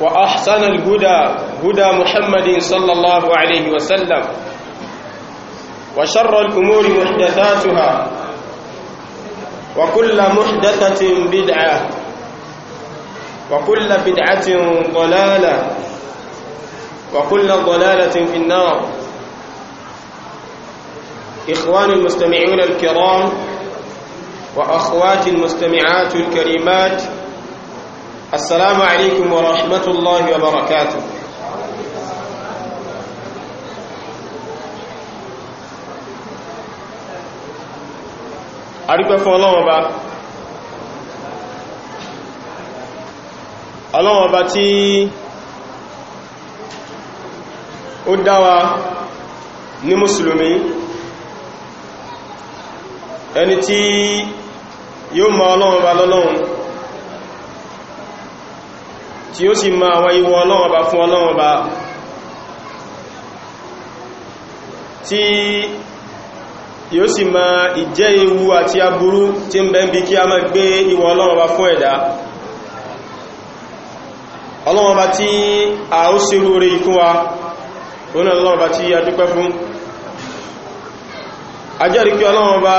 وأحسن الهدى هدى محمد صلى الله عليه وسلم وشر الأمور محدثاتها وكل محدثة بدعة وكل بدعة ضلالة وكل ضلالة في النار إخواني المستمعون الكرام وأخواتي المستمعات الكريمات السلام عليكم ورحمة الله وبركاته àrípẹ́ fún ọlọ́wọ́ bá ọlọ́wọ́ bá tí ó dáwà ní mùsùlùmí ẹni tí yóò mọ ọlọ́wọ́ bá lọ́lọ́wọ́ tí ó sì ma àwọn ìwọ ọlọ́wọ́ bá fún ọlọ́wọ́ bá tí yóò sì ma ìjẹ́ ewu àti aburú tí ń bẹ́m̀bí kí a má gbé ìwọ ọlọ́wọ́ bá fún ẹ̀dá ọlọ́wọ́ bá tí a ó sí lórí ikú wa òun ọlọ́wọ́ bá tí a dúpẹ́ fún ajẹ́rì kí ọlọ́wọ́ bá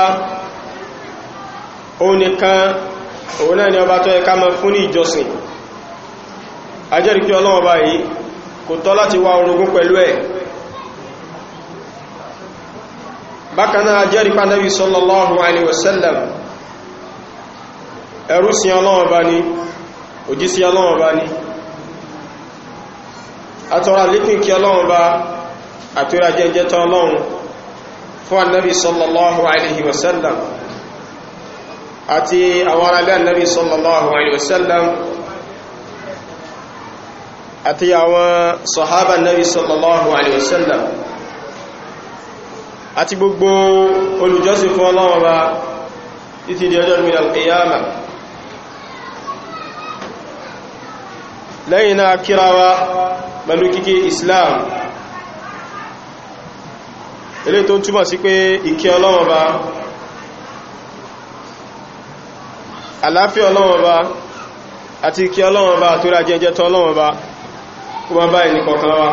òun nìkan òun náà ni ọba tó yẹ ká fún ní ìjọsìn ajẹ́rì kí ọlọ́wọ́ báyìí kò tọ́ láti wá orogún pẹ̀lú ẹ̀ bákanáà ajẹ́rì pàdébí sallallahu alaihi wasallam ẹrú sí ọlọ́wọ́ bá ní òjí sí ọlọ́wọ́ bá ní àtọ́rà lékún kí ọlọ́wọ́ bá àtúrà jẹ́jẹ́ tọ́ ọlọ́run fún annabi sallallahu alaihi wasallam àti àwọn arábẹ́ annabi sallallahu alaihi àti àwọn sọ̀hábà nabi sallallahu alaihi wasallam àti gbogbo olùjọ́sìn fún ọlọ́wọ́n bá títí di ọjọ́ ìrìnlẹ̀ alqiyama lẹ́yìn náà kírawa pẹ̀lú kíkí islam ilé tó túmọ̀ sí pé ìkẹ́ ọlọ́wọ́n bá àláfíà ọlọ́wọ́n bá àti ìkẹ́ ọlọ́wọ́n bá tó rájẹ́jẹ́ tọ́ ọlọ́wọ́n bá kó má báyìí ní kọ̀ọ̀kan wá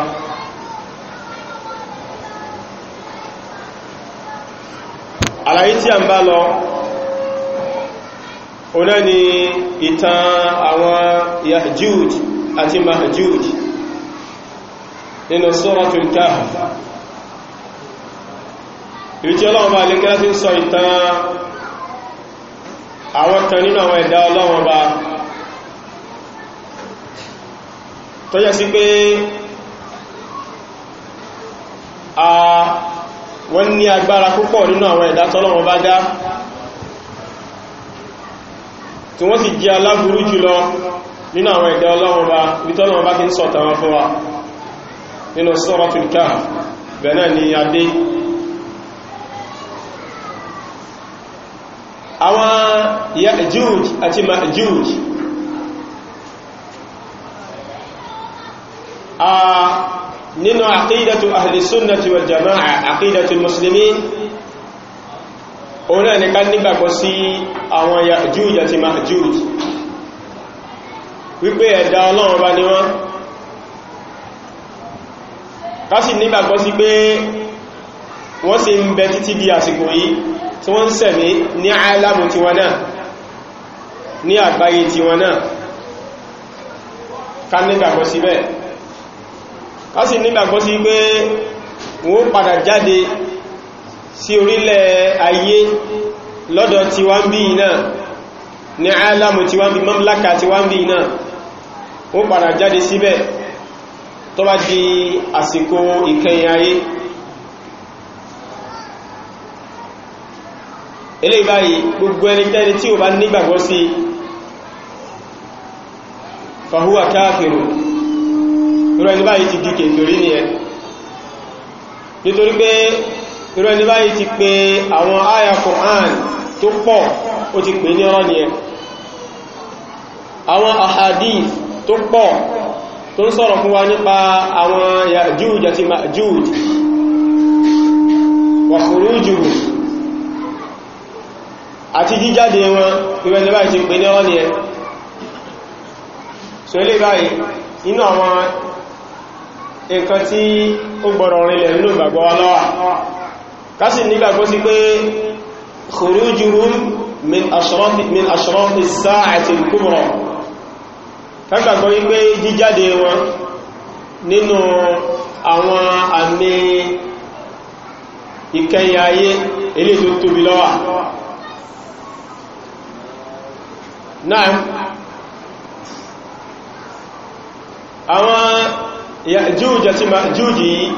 àlàyé tí a ń bá lọ ọ̀nà ni ìtàn àwọn Ya'juj àti Ma'juj nínú Suratul Kahf ìrìtí ọlọ́run bá lè kẹ́lá sí sọ ìtàn àwọn kan nínú àwọn ẹ̀dá ọlọ́run bá tó yẹ sí pé a wọ́n ní agbára púpọ̀ nínú àwọn ẹ̀dá tọ́lọ́wọ́n bá dá tí wọ́n sì jẹ́ aláburú jùlọ nínú àwọn ẹ̀dá ọlọ́wọ́n bá nítọ́lọ́wọ́n bá kí ń sọ̀tà wọn fún wa nínú Suratul Kahf bẹ̀rẹ̀ ni adé àwọn Ya'juj àti Ma'juj nínú àkídàtù ahìlìsúnnàtì wal jama'a àkídàtù muslimin òun náà nìkan nígbàgbọ́ sí àwọn Ya'juj àti Ma'juj wípé ẹ̀dá Ọlọ́run bá ní wọ́n kásì nígbàgbọ́ sí pé wọ́n sì ń bẹ títí di àsìkò yìí tí wọ́n ń sẹ̀mí ní alamu tiwọn náà ní àgbáyé tiwọn náà ká nígbàgbọ́ sí bẹ́ẹ̀ a sì nígbàgbọ́ sí pé wọ́n padà jáde sí orílẹ̀ ayé lọ́dọ̀ tiwa ń bí náà ní alamu tiwa ń bí mamlaka tiwa ń bí náà wọ́n padà jáde síbẹ̀ tó bá di àsìkò ìkẹyìn ayé ilé ìbáyìí gbogbo ẹnikẹ́ni tí ó bá nígbàgbọ́ sí fàhúwà káàkiri irú ẹni báyìí ti di kèfèrí nìyẹn nítorí pé irú ẹni báyìí ti pé àwọn àyà Qur'an tó pọ̀ ó ti pè ní ọ̀rọ̀ nìyẹn àwọn ahadith tó pọ̀ tó ń sọ̀rọ̀ fún wa nípa àwọn Ya'juj àti Ma'juj wa khurujuhum àti jíjáde wọn irú ẹni báyìí ti pè ní ọ̀rọ̀ nìyẹn so ilé báyìí inú àwọn nǹkan tí ó gbọ́rọ̀ rinlẹ̀ nínú ìgbàgbọ́ wa lọ́wà kásì nígbàgbọ́ sí pé khurujuhum min ashrati as-sa'ati al-kubra kágbàgbọ́ wípé jíjáde wọn nínú àwọn àmì ìkẹyìn ayé ilé tó tóbi lọ́wà náà àwọn Ya'juj àti Ma'juj yìí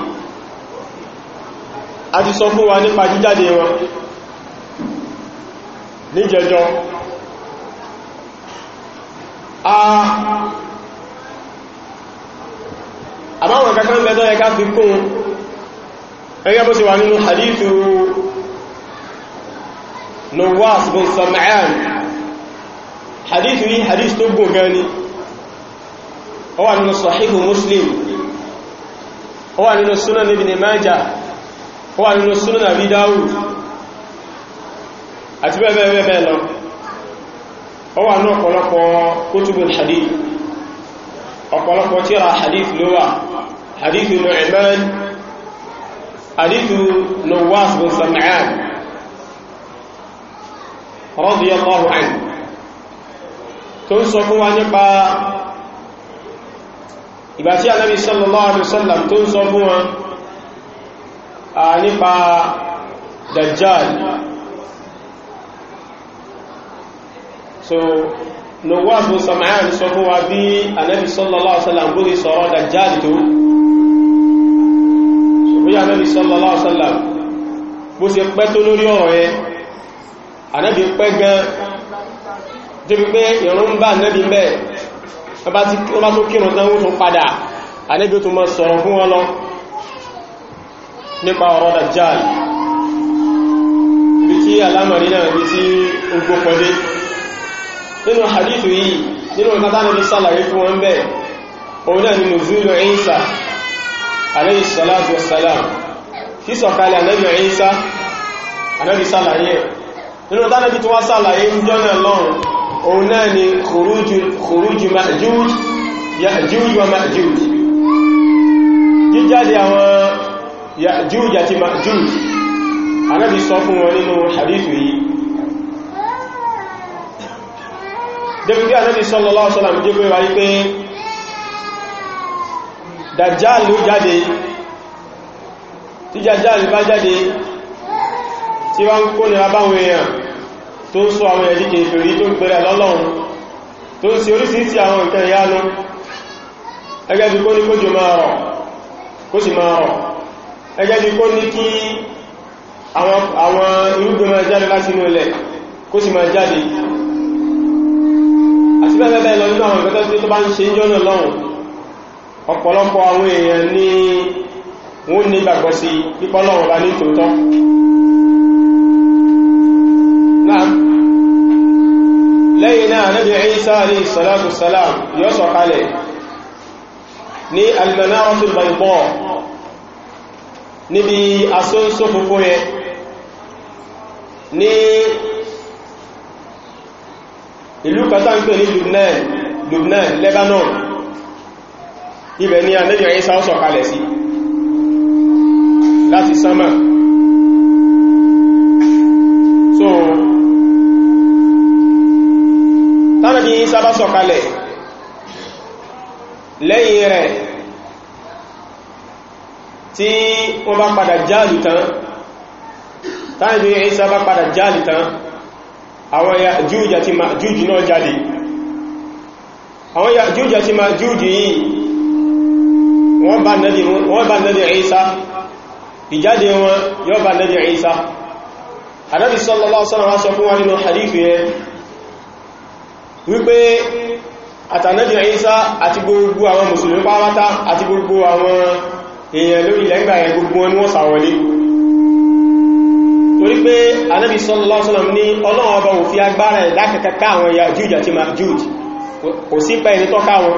a ti sọ fún wa nípa jíjáde wọn ní jẹjọ àbáwọn kankan mẹ́tọ́ ẹka fi kún ẹgbẹ́ bó ti wà nínú hadithu Nawas bin Sam'an hadithu yìí hadith tó gùn gan ni nínú Sahihu Muslim ó wà nínú Sunan Ibn Majah ó wà nínú Sunan Abi Dawud àti bẹ́ẹ̀bẹ́ẹ̀bẹ́ẹ̀ lọ ó wà ní ọ̀pọ̀lọpọ̀ kutubul hadith ọ̀pọ̀lọpọ̀ tírà hadith ló wà hadith Nu'man hadith Nawas bin fún wa nípa ìgbà tí anábi sallallahu alaihi wasallam tó ń sọ fún wọn a nípa dajjal so Nawas bin Sam'an sọ fún wa bí anábi sallallahu alaihi wasallam bó ti dajjal tó bí anábi sallallahu alaihi wasallam bó ṣe pẹ́ tó lórí ọ̀rọ̀ ẹ anábi pẹ́ gan débi pé ìrún bá anábi mẹ́ẹ̀ ọba tó kírun tán wọ́n tún padà ànábì tó mọ́ sọ̀rọ̀ fún wọn lọ nípa ọ̀rọ̀ dajjal ibi tí alámọ̀rí náà ibi tí ogbó kọjé nínú hadithu yìí nínú ìkátánàbí sálàrí fún wọn bẹ́ẹ̀ òun náà ni nùzúlù Ìsá alayhi salatu wassalam tí sálàrí ẹ̀ nínú tánàbí tó wá sálàrí ń jọ́nà lọ́rùn òun náà ni kòrújù Ma'juj Ya'juj wa Ma'juj jíjáde àwọn Ya'juj àti Ma'juj anábi sọ fún wọn nínú hadithu yìí débìdí anábi sallallahu alaihi wasallam jẹ́ pé wáyé pé Dajjal ló jáde tí Dajjal bá jáde tí wọ́n kó nira báwọn èèyàn tó sọ àwọn ẹ̀dí kèfèrí tó gbẹ̀rẹ̀ lọ́lọ́run tó ń ṣe orísìírísì àwọn nǹkan ìyanu ẹgẹ́ bí kó ní kó jò máa rọ̀ kó sì máa rọ̀ ẹgẹ́ bí kó ní kí àwọn irúgbìn máa jáde láti inú ilẹ̀ kó sì máa jáde àti bẹ́ẹ̀ bẹ́ẹ̀ lọ nínú àwọn ìgbẹ́tọ́ tó bá ń ṣe ń jọ́nà lọ́run ọ̀pọ̀lọpọ̀ àwọn èèyàn ni wọ́n ní gbàgbọ́ sí pípọ́lọ́run bá ní tòótọ́ islam lẹ́yìn náà Ànábì Ìsá alayhi salatu wassalam yóò sọ̀kalẹ̀ ní al-manaratul bayda níbi asóńsó funfun yẹn ní ìlú kata ní Lubnan Lebanon ibẹ̀ ni Ànábì Ìsá sọ̀kalẹ̀ sí láti sánmà tánàbí Ìsá bá sọ̀kalẹ̀ lẹ́yìn rẹ̀ tí wọ́n bá padà jáàlù tán tánàbí Ìsá bá padà jáàlù tán àwọn Yájúj àti Májúj náà jáde àwọn Yájúj àti Májúj yìí wọ́n bá nẹ́bí Ìsá ìjáde wọn yóò bá nẹ́bí Ìsá Ànábì wípé àtànábì Ìsá àti gbogbo àwọn mùsùlùmí pàwátá àti gbogbo àwọn èèyàn lórí lẹ́gbà ẹ̀ gbogbo wọn ni wọ́n sàwọlé torí pé anábì sallallahu alaihi wasallam ní ọlọ́run ọba ò fi agbára ẹ̀dá kẹkẹkẹ àwọn Yájúj àti Májúj kò sí pẹ́ ẹni tọ́ka wọn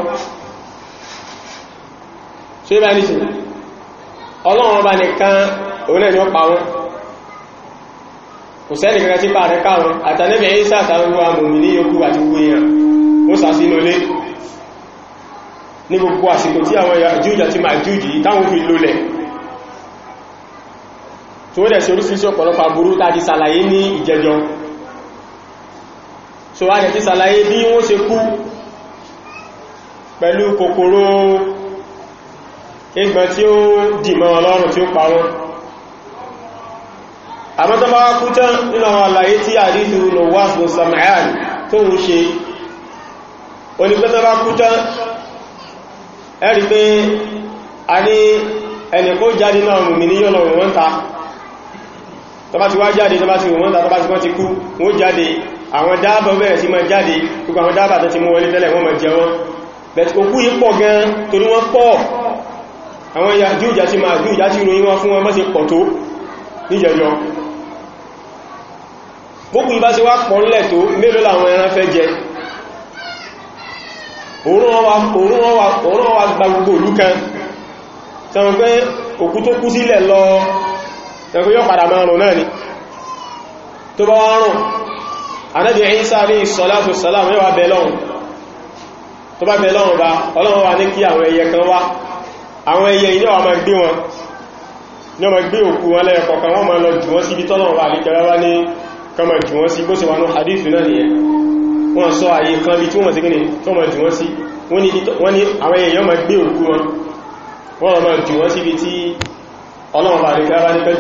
ṣe bá ní sí ọlọ́run ọba nìkan òun náà ni ó pa wọn kò sẹ́ni kankan tí pa rẹ̀ káwọn àtàlẹ́bẹ̀ ẹ́sà àtàwọn amòmì ní yóò kú àti gbogbo èèyàn ó sà sínú ilé ní gbogbo àsìkò tí àwọn Yájúj àti Májúj táwọn fi lólẹ̀ tó rẹ̀ sí orísìírísìí ọ̀pọ̀lọpọ̀ aburú tàbí sàlàyé ní ìjẹjọ so a ti sàlàyé bí wọ́n ṣe kú pẹ̀lú kòkòrò ẹgbẹ̀ tí ó dìmọ̀ ọlọ́run tí àmọ́ tó bá wá kú tán nínú àwọn àlàyé tí àdíjú lọ wá fún sam'an tó ń ṣe onígbẹ́tọ́ bá kú tán ẹ̀rí pé a ní ẹni kó jáde náà mùmí ní yọ́nà wọ́n ta tó bá ti wá jáde tó bá ti wọ́n ta tó bá ti wọ́n ti kú wọ́n jáde àwọn dáàbọ̀ bẹ̀rẹ̀ sí máa jáde gbogbo àwọn dáàbà tó ti mú wọlé tẹ́lẹ̀ wọ́n gbogbo ìbá ṣe wá pọ̀ ńlẹ̀ tó mélòó làwọn ẹran fẹ́ jẹ òórùn wọn wá gba gbogbo òlú kan sọmọ pé òkú tó kú sílẹ̀ lọ ẹgbẹ́ yóò padà máa rùn náà ni tó bá wá rùn Ànábì Ìsá ní ìsọ̀látò sàlám yóò wá bẹ lọ́hùn tó bá bẹ lọ́hùn bá Ọlọ́run wá ní kí àwọn ẹyẹ kan wá àwọn ẹyẹ ilé wa máa gbé wọn ní ọmọ gbé òkú wọn lẹ́ẹ̀kọ̀ọ̀kan wọ́n máa lọ jù wọ́n síbi tọ́lọ́run wà lè kẹrẹ ní kọmọ̀ jù wọ́n sí bó ṣe wà ní hadith náà nìyẹn wọ́n sọ àyè kan bí tí wọ́n sí gíní kọmọ̀ jù wọ́n sí wọ́n ní àwọn èèyàn ma gbé òkú wọn wọ́n ma jù wọ́n sí bí tí ọlọ́run bá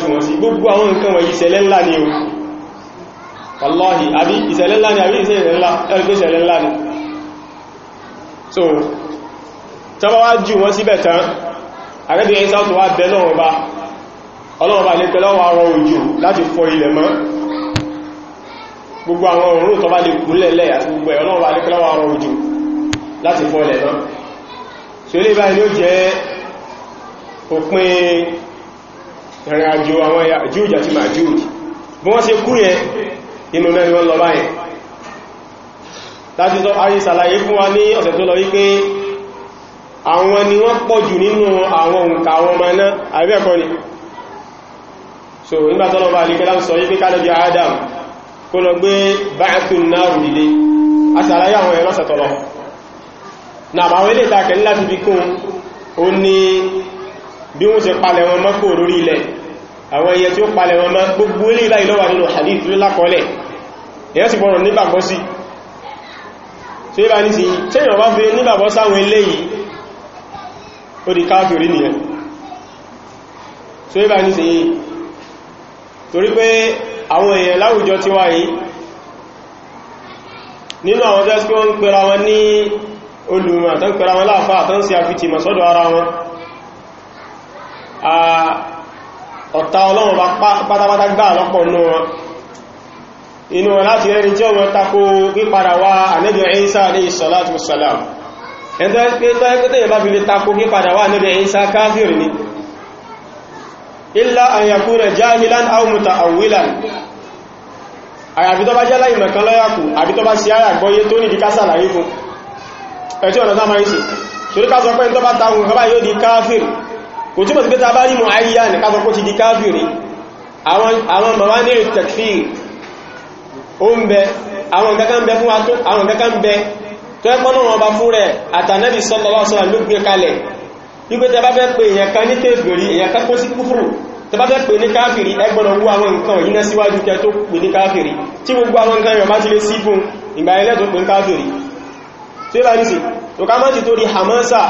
jù wọ́n sí gbogbo àwọn nǹkan wọ̀nyí ìṣẹ̀lẹ̀ ńlá ni o so tọ́bá wá jù wọ́n síbẹ̀ tán àrẹ́bìnrin sáà tó wá bẹ́ gbogbo àwọn òórùn tó bá lè kúnlẹ̀lẹ̀ àti gbogbo ẹ̀rọ náà wà ní kíláwà ọrọ̀ òjò láti fọ́lẹ̀ náà tí ó lè báyìí ló jẹ́ òpin ìrìn àjò àwọn Yájúj àti Májúj bí wọ́n ṣe kú yẹn inú mẹ́rin wọn lọ báyìí láti sọ ayé sàlàyé fún wa ní ọ̀sẹ̀ tó lọ wípé àwọn ni wọ́n pọ̀ jù nínú àwọn òǹkà àwọn ọmọ náà àríwẹ̀kọ́ ni so nígbàtọ́lọ́bà alìkẹ́lá sọ wípé kálẹ̀bí Adam kó lọ gbé báyàtún náà rùdìdé a sàlàyé àwọn ẹ̀rọ sàtọ̀lọ na àwọn ilé ìtàkẹ̀ ní láti bí kún ó ní bí wọ́n ṣe palẹ̀ wọn mọ́ kò lórí ilẹ̀ àwọn ẹyẹ tí ó palẹ̀ wọn mọ́ gbogbo ilé ìlà ìlọ́wà nínú hadith ló lákọọ́lẹ̀ èyàn sì bọ̀rọ̀ nígbàgbọ́ sí tí ó bá ní sí tẹ́yàn wá fi nígbàgbọ́ sáwọn eléyìí àwọn èèyàn láwùjọ ti wá yìí nínú àwọn tẹ́sí pé wọ́n ń pèrà wọn ní olùmọ̀ tán pèrà wọn láàfá àtán sí àfitì ara wọn ọ̀ta ọlọ́run pátápátá gbà lọ́pọ̀ inú wọn láti rẹni tí ní tako illa an yakuna jahilan aw muta'awwilan àyàfi tó bá jẹ́ láì mọ̀kan lọ́yàkù àbí tó bá sí àyà gbọ́yé tó ní di kásà láyé fún ẹ̀tí ọ̀nà sáà máa ń ṣe torí ká sọ pé tó bá táwọn nǹkan báyìí ó di káfìrì kò túnmọ̀ sí pé ta bá ní mọ̀ àyíyá ní ká sọ ti di káfìrì wípé tẹ bá fẹ́ pé èèyàn kan ní kèfèrí èèyàn kan kó sí kúfùrù tẹ bá fẹ́ pé ní káfìrí ẹ gbọ́dọ̀ wú àwọn nǹkan wọ̀nyí náà síwájú kẹ tó pè ní káfìrí tí gbogbo àwọn nǹkan yọ̀ bá ti lé sí fún ìgbà ilẹ̀ tó pè ní káfìrí hamasa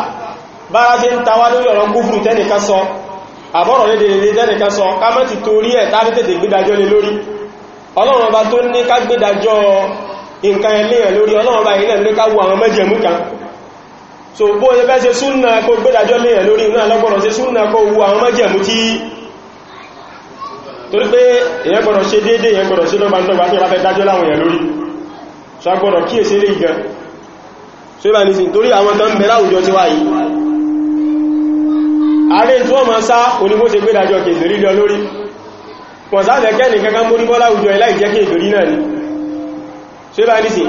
bára ṣe ń tawá lórí ọ̀rọ̀ kúfùrù tẹ́nìkan sọ àbọ̀rọ̀ lédèrè tẹ́nìkan sọ ká mọ́tí torí ẹ̀ tábí tètè gbédájọ́ lé lórí ọlọ́run ọba tó ní ká gbédájọ́ nǹkan ẹlẹ́yàn lórí ọlọ́run so bó yẹ fẹ́ ṣe súnnà kó gbẹ́dàjọ́ léyàn lórí náà lọ́gbọ̀rọ̀ ṣe súnnà kó wu àwọn májẹ̀mú tí torí pé èyàn gbọ́dọ̀ ṣe déédé èyàn gbọ́dọ̀ ṣe lọ́gbà lọ́gbà tí a bá fẹ́ dájọ́ láwọn èyàn lórí so a gbọ́dọ̀ kí èsè lè gan so ibà nìsìn torí àwọn tán bẹ láwùjọ ti wá yìí ààrẹ tí wọ́n máa sá onígbó ṣe gbẹ́dàjọ́ kèfèrí lọ lórí pọ̀sáfẹ́kẹ́ nìkankan mórí bọ́ láwùjọ ilá ìjẹ́kẹ́ ìdòrí náà ni so ibà nìsìn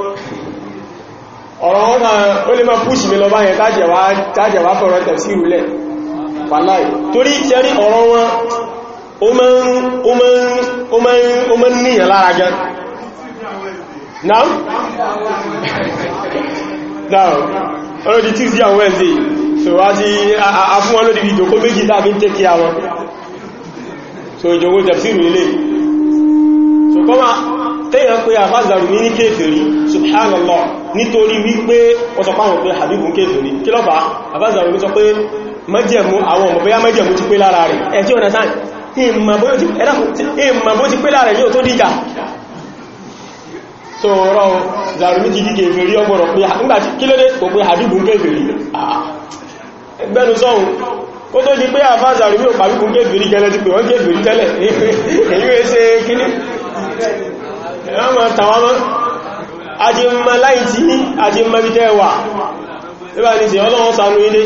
ọ̀rọ̀ wọn máa ó lè máa púṣì mi lọ báyẹn kájẹ̀wá fọ̀rọ̀ tẹ̀sí ìrúlẹ̀ pàláì torí tẹ́rí ọ̀rọ̀ wọn ó mọ́ níyàn lára gan náà náà ọ̀rọ̀ di Tuesday and Wednesday so wá ti afún wọn lórí ìjòkó méjì tàbí tẹ́kí àwọn so ìjòkó tẹ̀sí ìrúlẹ̀ so kọ́mà tẹ́yàn pé àfáàzàrù ní ní kéfèrí subhanallah nítorí wípé wọ́n pé habibu kéfèrí kí lọ́fà àfáàzàrù ní sọ pé mẹ́jẹ̀mú àwọn ọmọ bóyá mẹ́jẹ̀mú ti pé lára rẹ̀ ẹ̀ tí ah, ọ̀nà tó zarumi pé ẹ̀wọ́n ma tàwọn mọ́ àti ma láì tí àti ma bí tẹ́ wà nígbà ní sí ọlọ́run ṣàánú ilé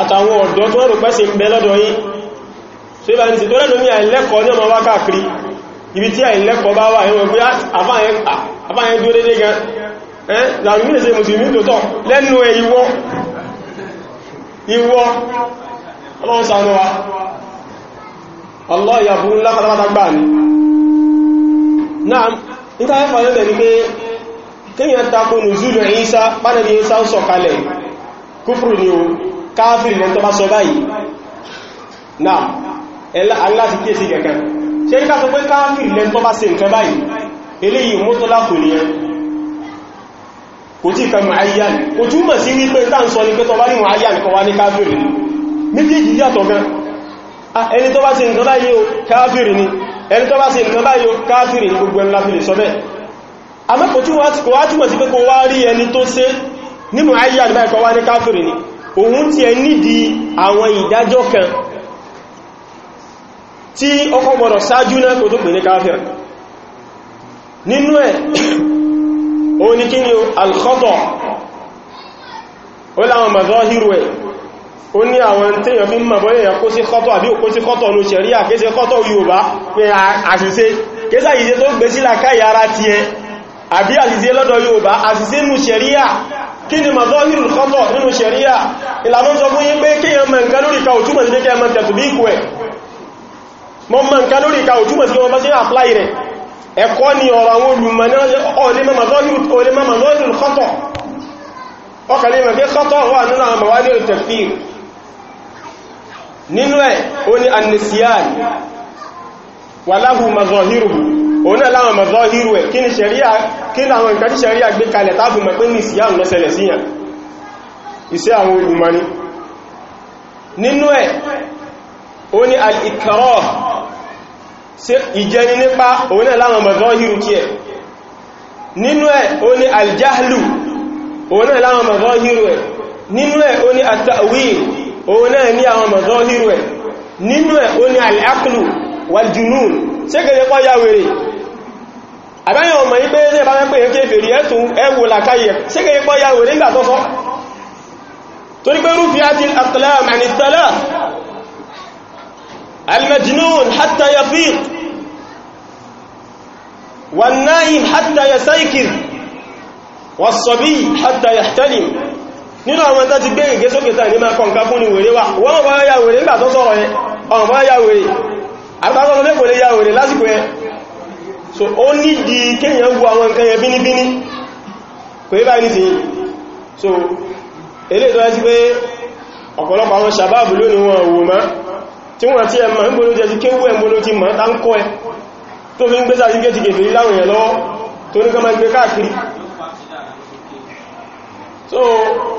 àtàwọn ọ̀dọ́ tó rò ń bẹ lọ́dọ̀ so ibà ní sí tó lẹ́nu ní àìlẹ́kọ̀ọ́ ní ọmọ wá káàkiri ibi tí àìlẹ́kọ̀ọ́ bá wà ẹ̀wọ̀n náà nítorí fàyọ́ bẹ̀ ní pé kíyàn tako nùzúlù ìsá pánàbí ìsá ń sọ̀kalẹ̀ kúfùrù ni o káàfìrì lẹ́ntọ́ bá sọ báyìí náà aláti kíyèsí kẹ̀kẹ́ ṣe ká sọ pé káàfìrì lẹ́ntọ́ bá ṣe nǹkan báyìí eléyìí mọ́tọ́lá kò ní ní ẹni tó bá ṣe nǹkan báyìí káàfìrì ní gbogbo ẹnlá fi lè sọ bẹ́ẹ̀ àmọ́kò tí wá túnmọ̀ sí pé kò wá rí ẹni tó ṣe nínú ayé àdìbáyìí kò wá ní káàfìrì ni òun ti ẹ nídìí àwọn ìdájọ́ kan tí ọkọ̀ gbọ́dọ̀ sáájú náà kò tó ó ní àwọn tẹ́yàn fi ń mọ̀ bọ́lẹ̀ èyàn kó sí kọ́tọ̀ àbí òkó sí kọ́tọ̀ ní ṣẹ̀ríà kéèsẹ̀ kọ́tọ̀ Yorùbá pé àṣìṣe kéèsà ìṣẹ́ tó gbé sílá káyà ara ti ẹ àbí àṣìṣe lọ́dọ̀ Yorùbá àṣìṣe nù ṣẹ̀ríà kí ni mọ̀ lọ́hìrù kọ́tọ̀ nínú ṣẹ̀ríà ìlànà sọ fún yín pé kéèyàn mọ̀ nǹkan lórí ka òtúmọ̀ sí pé kẹ́ mọ̀ tẹ̀tù bí ikú ẹ̀ mọ̀ àwọn olùmọ̀ ní ọ̀lẹ́ nínú ẹ̀ ó ní anisiyan wàláhù mazọ́hírù òun náà láwọn mazọ́hírù ẹ̀ kí ni ṣẹ̀ríà kí láwọn nǹkan tí ṣẹ̀ríà gbé kalẹ̀ táàfù mọ̀ pé nisiyan lọ́sẹ̀lẹ̀ síyàn iṣẹ́ àwọn olùmọ́ni nínú ẹ̀ ó ní al-ikrah ìjẹni nípa òun náà láwọn mazọ́hírù tí ẹ̀ nínú ẹ̀ ó ní al-jahlu òun náà mazọ́hírù ẹ̀ nínú ẹ̀ ó ní at òun náà ní àwọn mọ̀sọ́hírù ẹ̀ nínú ẹ̀ ó ní al-aqlu wal-junun ṣe kèrè pọ́ ya wèrè àbáyàn ọmọ yí pé ní ẹ̀bá mẹ́pẹ̀ yẹn kéfèrè ẹ̀tùn ẹwò làkáyẹ ṣe kèrè pọ́ ya wèrè nígbà tọ́sọ́ torí pé rufi'atil nínú àwọn tó ti gbé ìgbésókè tàì ní máa kọǹkà fún ni wèrè wà wọ́n bá yá wèrè nígbà tó sọ̀rọ̀ yẹn ọ̀n bá yá wèrè àtàkọ́lọ́ lẹ́kọ̀ọ́ lè yá wèrè lásìkò yẹn so ó nídi kéèyàn wu àwọn nǹkan yẹn bínibíní kò yí báyìí nìtìyìn so ilé tó yẹ́ sí pé ọ̀pọ̀lọpọ̀ àwọn sàbáàbù lónìí wọn wò mọ́ tí wọ́n ti ẹmọ̀ ń gbónú jẹ́ ti kéwú ẹ̀ gbónú ti mọ̀ tá ń kọ́ ẹ tó fi ń gbé sàrí gẹ́ti gẹ̀fẹ̀ láwọn èèyàn lọ́wọ́ tó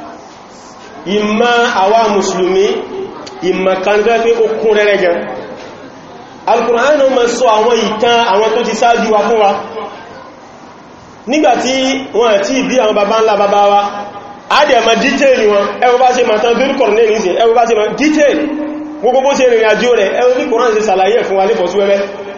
ìmọ̀ àwa mùsùlùmí ìmọ̀ kanga pé ó kún rẹ́rẹ́ gan alkùnránù ma sọ àwọn ìtàn àwọn tó ti sáájú wa fún wa nígbàtí wọn àti ìbí àwọn baba ńlá baba wa àdẹ̀mà dítẹ̀lì wọn ẹwọ bá ṣe màtán bí kọ̀rọ̀ ní ìsìn ẹwọ bá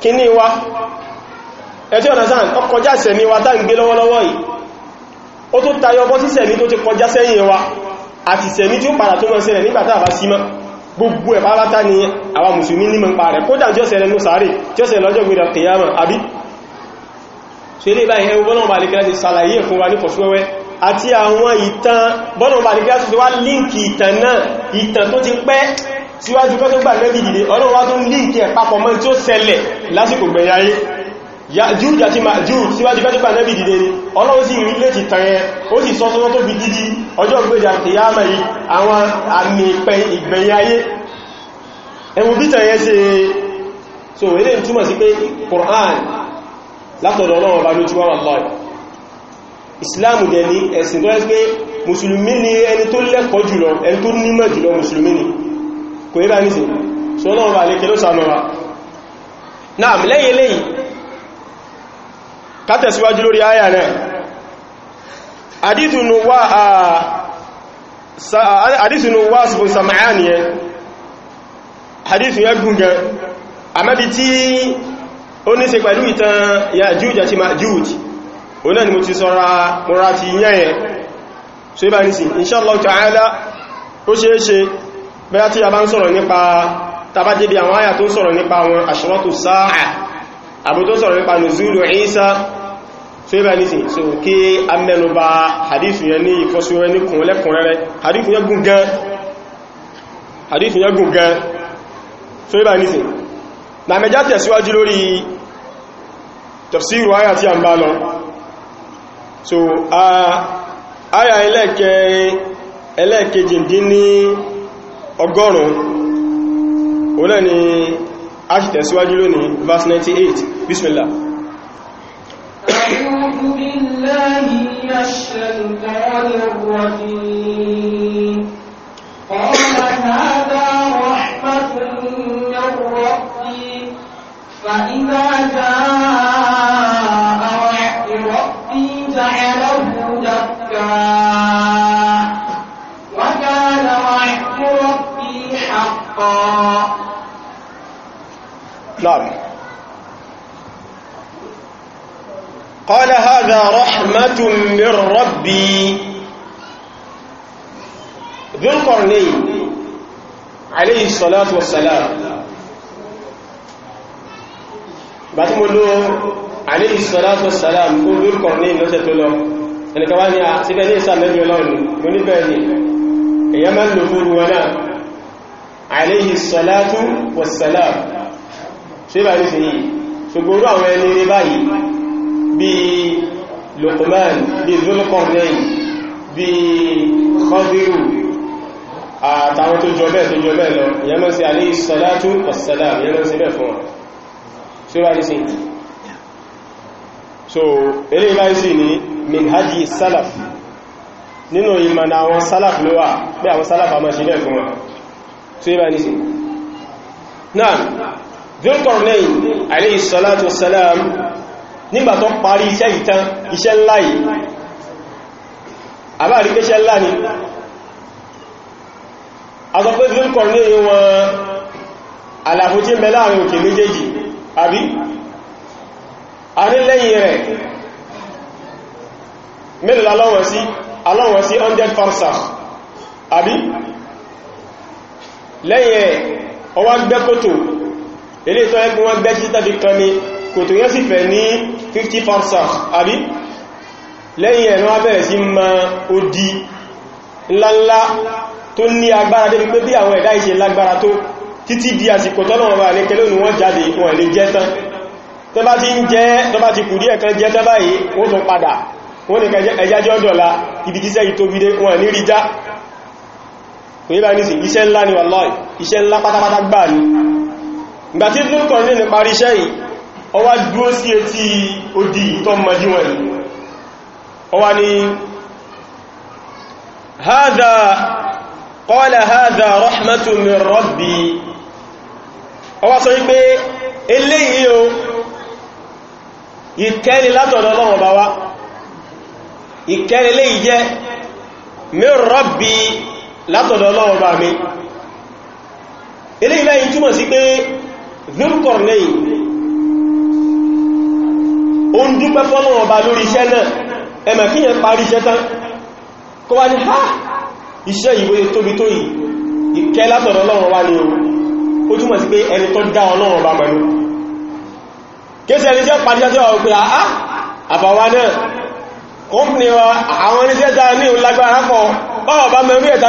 kíní wa ẹ̀tí ọ̀nà sáà ọ kọjá sẹ̀mí wa tá ń gbé lọ́wọ́lọ́wọ́ yìí ó tó tayọ bọ́ sí sẹ̀mí tó ti kọjá sẹ́yìn wa àti sẹ̀mí tí ó padà tó mọ́ sẹ́rẹ̀ nígbàtà àbá símọ́ gbogbo ẹ̀ pálátá ni àwa mùsùlùmí ní mọ̀ parẹ̀ kódà tí ó sẹ̀rẹ̀ ní sàárè tí ó sẹ̀rẹ̀ lọ́jọ́ gbé kìyàmà àbí ṣe lè báyìí ẹwọ bọ́nà balikira ti sàlàyé fún wa ní fọ̀súwẹ́wẹ́ àti àwọn ìtàn bọ́nà balikira ti wá líǹkì ìtàn ń líǹkì ẹ̀ papọ̀ lásìkò gbẹ̀yàyé Yájúj àti Májúj síwájú fẹ́ típa nẹ́bì dìde ni Ọlọ́run sí ìrìn lè ti tẹ̀yẹ ó sì sọ́sọ́wọ́ tó fi dídí ọjọ́ ìgbèjà kìyàmà yìí àwọn àmì ìgbẹ̀yìn ayé ẹwù bí tẹ̀yẹ ṣe so ilé túnmọ̀ sí pé Qur'an látọ̀dọ̀ Ọlọ́run bá ló Islam dẹ̀ ní ẹ̀sìn tó ẹ́sìn pé Mùsùlùmí ni ẹni tó lẹ́kọ̀ọ́ jùlọ ẹni tó nímọ̀ jùlọ náà lẹ́yìn lẹ́yìn kátẹ̀síwájú lórí ayà náà àdítùnú wá à àdítùnú wá sùfún sàmáyà ni ẹ àdítùn yẹ gúngẹ àmẹ́bí tí ó ní ṣe pẹ̀lú ìtàn Yájúj àti Májúj ó náà ni mo ti sọ́ra mọ́ra ti yẹ́ yẹn so ibá ní sí inṣàlọ́ ta'ala ó ṣeéṣe bẹ́yà tí a bá ń sọ̀rọ̀ nípa tàbá débi àwọn àyà tó sọ̀rọ̀ nípa àwọn àṣírọ́tù sáà àbí tó sọ̀rọ̀ nípa nùzúlù Ìsá tó yíba ní sí so kí a mẹ́nubà hadithu yẹn ní ìfọ́síwẹ́ ní kùnlẹ́kùnrẹ́rẹ́ hadithu yẹn gùn gan hadithu yẹn gùn gan tó yíba ní sí na mẹjá tẹ̀síwájú lórí tafsiru àyà tí a ń bá lọ so àyà ẹlẹ́kẹ̀ẹ́ ẹlẹ́kẹ̀ẹ́jìndín ní ọgọ́rùn-ún òun náà ni a ṣì tẹ̀síwájú lónìí verse 98 bismillah أعوذ بالله من الشيطان الرجيم قال هذا رحمة من ربي فإذا جاء وعد ربي جعله دكا وكان وعد ربي حقا نعم قال هذا رحمة من ربي ذو القرنين عليه الصلاة والسلام bàtí mo ló alayhi salatu wassalam kó lórúkọ ní ìlọ́sẹ̀ tó lọ ẹnìkan wá ní a síbẹ̀ ní ìsànlẹ́bí ọlọ́run ní bẹ́ẹ̀ ni èyàn máa ń ṣe bá yìí yìí ṣùgbọ́n àwọn ẹni rí báyìí bí Luqman bí Zulqarnain bí Khadiru àtàwọn tó jọ bẹ́ẹ̀ tó jọ bẹ́ẹ̀ lọ ìyẹ́mọ́ sí alayhi salatu wassalam ìyẹ́mọ́ sí bẹ́ẹ̀ fún wọn ṣe bá yìí yìí so eré báyìí sí ní minhaji salaf nínú àwọn salaf ló wà pé àwọn salaf a fún wọn ṣe bá yìí sí náà Dhulqarnayn alayhi salatu wassalam nígbà tó parí iṣẹ́ ìtàn iṣẹ́ ńlá yìí àbáàrí pé iṣẹ́ ńlá ni a sọ pé Dhulqarnayn wọn àlàfo tí ń bẹ láàrin òkè méjèèjì àbí a ní lẹ́yìn rẹ̀ mélòó alọ́wọ̀n sí alọ́wọ̀n sí 100 farsakh àbí lẹ́yìn rẹ̀ ọwá gbẹ́kòtò ilé ìtọ́ ẹgbùn wọn gbẹ́ títà fi kan ní kòtò yẹn sì fẹ̀ ní 50 parsec àbí lẹ́yìn ẹ̀nà abẹ́rẹ̀ sí ma odi ńláńlá tó ní agbára débi pé bí àwọn ẹ̀dá ìṣe lágbára tó títí di àsìkò tọ́lọ̀wọ̀n bá ní kẹlẹ́ òní wọ́n jáde wọn lè jẹ́ tán tó bá ti ń jẹ́ tó bá ti kù díẹ̀ kan jẹ́ tán báyìí wọ́n tún padà wọ́n ní ẹjá jẹ́ ọ̀dọ̀lá ibi jíṣẹ́ ìtóbidé wọn ní rí já kò yíba ní sí iṣẹ́ ńlá ni wàlláhì iṣẹ́ ńlá pátápátá gbáà ni gbàtí fún kọ̀ọ̀lẹ́ ní parí iṣẹ́ yìí ó wá dúró sí etí odi tó mọ̀dí wọn yìí ó wá ní hadha qala hadha rahmatun min rabbi ó wá sọ wípé eléyìí o ìkẹ́ni látọ̀dọ̀ Ọlọ́run bá wá ìkẹ́ni léyìí jẹ́ min rabbi látọ̀dọ̀ Ọlọ́run bá mi eléyìí báyìí túmọ̀ sí pé Dhul-Qarnayn ó ń dúpẹ́ fọ́nà ọba lórí iṣẹ́ náà ẹmẹ̀ kí yẹn parí iṣẹ́ tán kó wá ní ha iṣẹ́ ìwé tóbi tó yìí ìkẹ́ látọ̀dọ̀ Ọlọ́run wá ní o ó túnmọ̀ sí pé ẹni tó dá Ọlọ́run ọba pẹ̀lú kéèsì ẹni jẹ́ parí iṣẹ́ tó pé àá àbàwà náà kọ́mpìnì wa àwọn iṣẹ́ tá ní lágbára kọ báwọ̀ bá mẹ́rí ẹ̀ta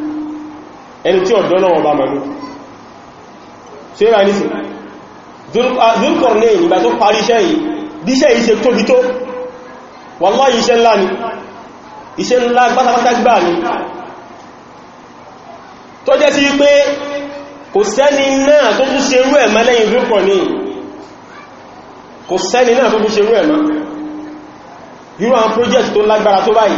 ẹni tí ọ̀dọ́ náà ọba mọ̀ ní ṣe rà ní sí Zulqarnain ìgbà tó parí iṣẹ́ yìí bí iṣẹ́ yìí ṣe tóbi tó wallahi iṣẹ́ ńlá ni iṣẹ́ ńlá pátápátá gbà ní tó jẹ́ sí pé kò sẹ́ni náà tó tún ṣe rú ẹ̀mọ́ lẹ́yìn Zulqarnain kò sẹ́ni náà tó tún ṣe rú ẹ̀mọ́ irú àwọn project tó lágbára tó báyìí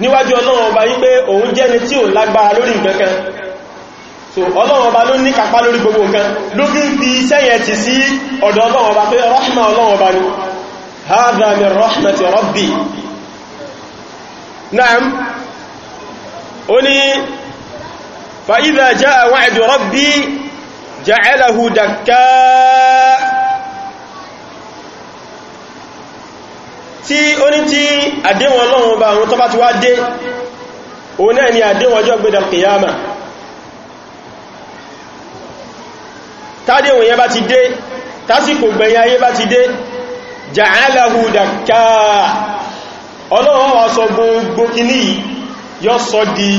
níwájú ọlọ́run ọba yí pé òun jẹ́ni tí ò lágbára lórí nǹkankan so ọlọ́run ọba ló ní kàpá lórí gbogbo nǹkan ló fi ń fi iṣẹ́ yẹn ti sí ọ̀dọ̀ ọlọ́run ọba pé rahma ọlọ́run ọba ni tí ó ní tí àdéhùn ọlọ́run bá àwọn tó bá ti wá dé òun náà ni àdéhùn ọjọ́ gbẹ̀dẹ̀ kìyàmà tádéhùn yẹn bá ti dé tásìkò gbẹ̀yìn ayé bá ti dé ja'alahu dakka ọlọ́run wá sọ gbogbo kìíní yóò sọ di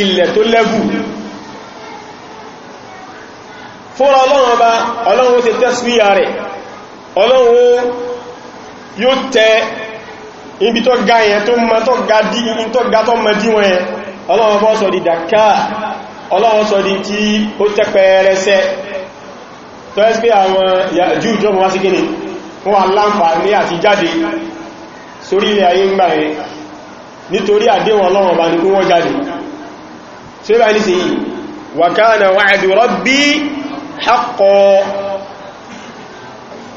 ilẹ̀ tó lẹ́bù fúnra ọlọ́run ọba ọlọ́run ó ṣe tẹ́síwíyà rẹ̀ ọlọ́run yóò tẹ ibi tó ga yẹn tó mọ́ tó ga dí in tó ga tó mọ́ díwọ̀n yẹn ọlọ́wọ́ bọ́ sọ di dàkà ọlọ́wọ́ sọ di tí ó tẹ́ pẹ́ẹrẹsẹ́ tó ẹ́sì pé àwọn jù jọ mọ́ sí gíní wọ́n wà láǹfààní àti jáde sórí ilẹ̀ ayé ń gbà yẹn nítorí àdéhùn ọlọ́wọ́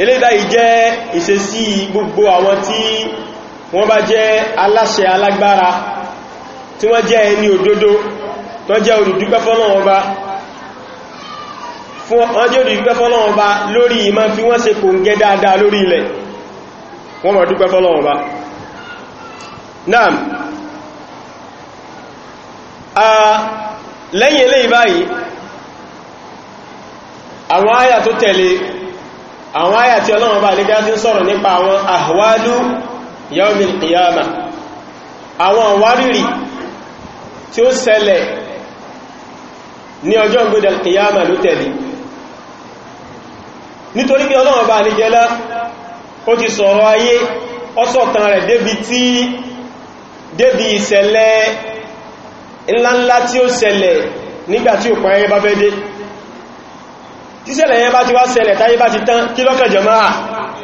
eléyìí báyìí jẹ́ ìṣesí gbogbo àwọn tí wọ́n bá jẹ́ aláṣẹ alágbára tí wọ́n jẹ́ ẹni òdodo tó jẹ́ olùdúpẹ́ fọ́lọ́wọ́n bá wọ́n jẹ́ olùdúpẹ́ fọ́lọ́wọ́n bá lórí ìmá fi wọ́n ṣe kò ń gẹ́ dáadáa lórí ilẹ̀ wọ́n mọ̀ dúpẹ́ fọ́lọ́wọ́n bá a lẹ́yìn eléyìí báyìí àwọn àyà tó tẹ̀lé àwọn àyà tí ọlọ́run bá lè gásí sọ̀rọ̀ nípa àwọn àwálú yaumil qiyama àwọn àwárìrì tí ó ṣẹlẹ̀ ní ọjọ́ ìgbẹ̀dẹ̀ qiyama ló tẹ̀lé nítorí pé ọlọ́run bá lè jẹ́lá ó ti sọ̀rọ̀ ayé ọsọ̀tàn rẹ̀ débi tí débi ìṣẹ̀lẹ̀ ńláńlá tí ó ṣẹlẹ̀ nígbàtí òpin ayé bá fẹ́ dé tíṣẹ̀lẹ̀ yẹn bá ti wá ṣẹlẹ̀ táyé bá ti tán kí lọ́kàn jẹmáà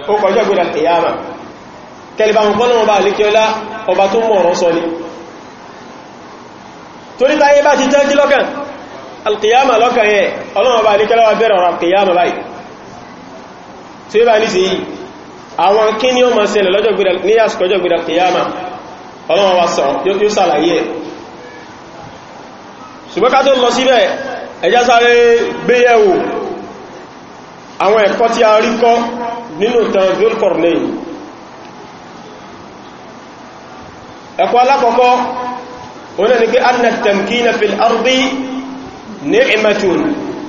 ó kọjọ́ gbé al-qiyāmah kẹlìbàmù pọ́nà ọba àlékiọlá ọba tó mọ̀ ọ̀rọ̀ sọ ni torí táyé bá ti tán kí lọ́kàn al-qiyāmah lọ́kàn yẹn ọlọ́run ọba àlékiọlá wá bẹ̀rẹ̀ ọ̀rọ̀ al-qiyāmah báyìí tó yẹ bá ní sí yìí àwọn kí ni ó máa ṣẹlẹ̀ lọ́jọ́ gbé ní àsìkò ọjọ́ gbé al-qiyāmah ọlọ́run wa sọ yóò sàlàyé ẹ̀ ṣùgbọ́n ká tó lọ síbẹ̀ ẹjá sáré gbéyẹ̀wò àwọn ẹ̀kọ́ tí a rí kọ́ nínú tàn Dhul-Qarnayn ẹ̀kọ́ alákọ̀ọ́kọ́ wọ́n ni pé anna tamkina fil ardi ni'matun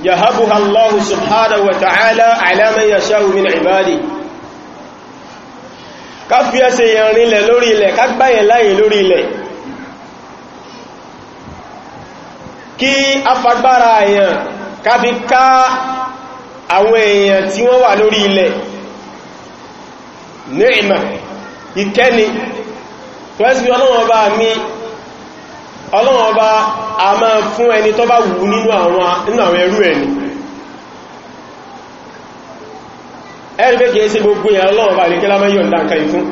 yahabuha Allahu subhanahu wa ta'ala ala man yasha'u min ibadihi ká fi ẹsẹ̀ yẹn rinlẹ̀ lórí ilẹ̀ ká gbáyẹ̀ láyé fi ká àwọn èèyàn tí wọ́n wà lórí ilẹ̀ ní ìkẹ́ni pẹ́sí ọlọ́wọ́n bá mi ọlọ́wọ́n a máa fún ẹni tó bá wù nínú àwọn ẹrù ẹni ẹni pé kìí sí gbogbo èèyàn ọlọ́wọ́n bá lè kí lámọ́ ìfún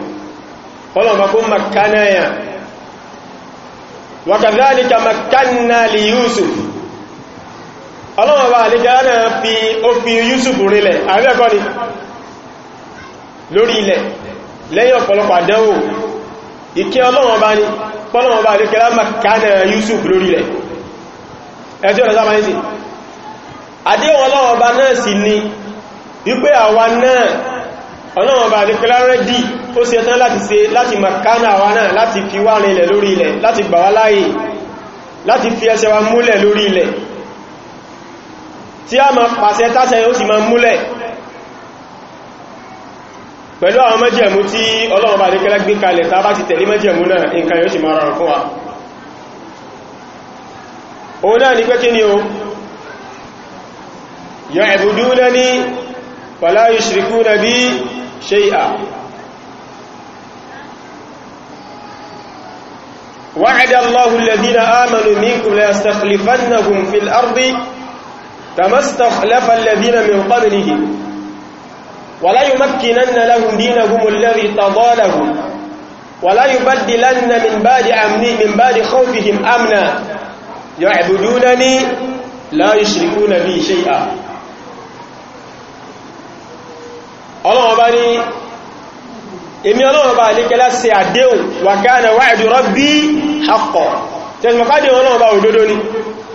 ọlọ́wọ́ bá àlejẹ́lá náà fi ó fi Yusuf rílẹ̀ àríẹ́kọ́ ni lórí ilẹ̀ lẹ́yìn ọ̀pọ̀lọpọ̀ àdánwò ìkẹ́ ọlọ́wọ́ bá ní pọ́lọ́wọ́ makana Yusuf lórí ilẹ̀ ẹjọ́ ọ̀rọ̀ sáma ní àdéhùn ọlọ́wọ́ bá náà sì ni wípé àwa náà ọlọ́wọ́ bá àlejẹ́lá makana àwa náà láti fi wá rinlẹ̀ lórí ilẹ̀ láti gbà wá láàyè láti fi tí a ma pàṣẹ táṣẹ ó sì ma múlẹ̀ pẹ̀lú àwọn mẹ́jẹ̀mú tí ọlọ́wọ́ bá ní kẹ́lẹ́ gbé kalẹ̀ tá bá ti tẹ̀lé mẹ́jẹ̀mú náà nǹkan yóò sì ma rọrùn fún wa وعد الله الذين آمنوا منكم ليستخلفنهم في الأرض كما استخلف الذين من قبلهم ولا يمكنن لهم دينهم الذي تضالهم ولا يبدلن من بعد أمني من بعد خوفهم أمنا يعبدونني لا يشركون بي شيئا ọlọ́wọ́ bá ní èmi ọlọ́wọ́ bá ní kẹlá sí àdéhùn wà káà na wa'du rabbi haqqan tẹ́sìmọ̀kádé ọlọ́wọ́ bá òdodo ni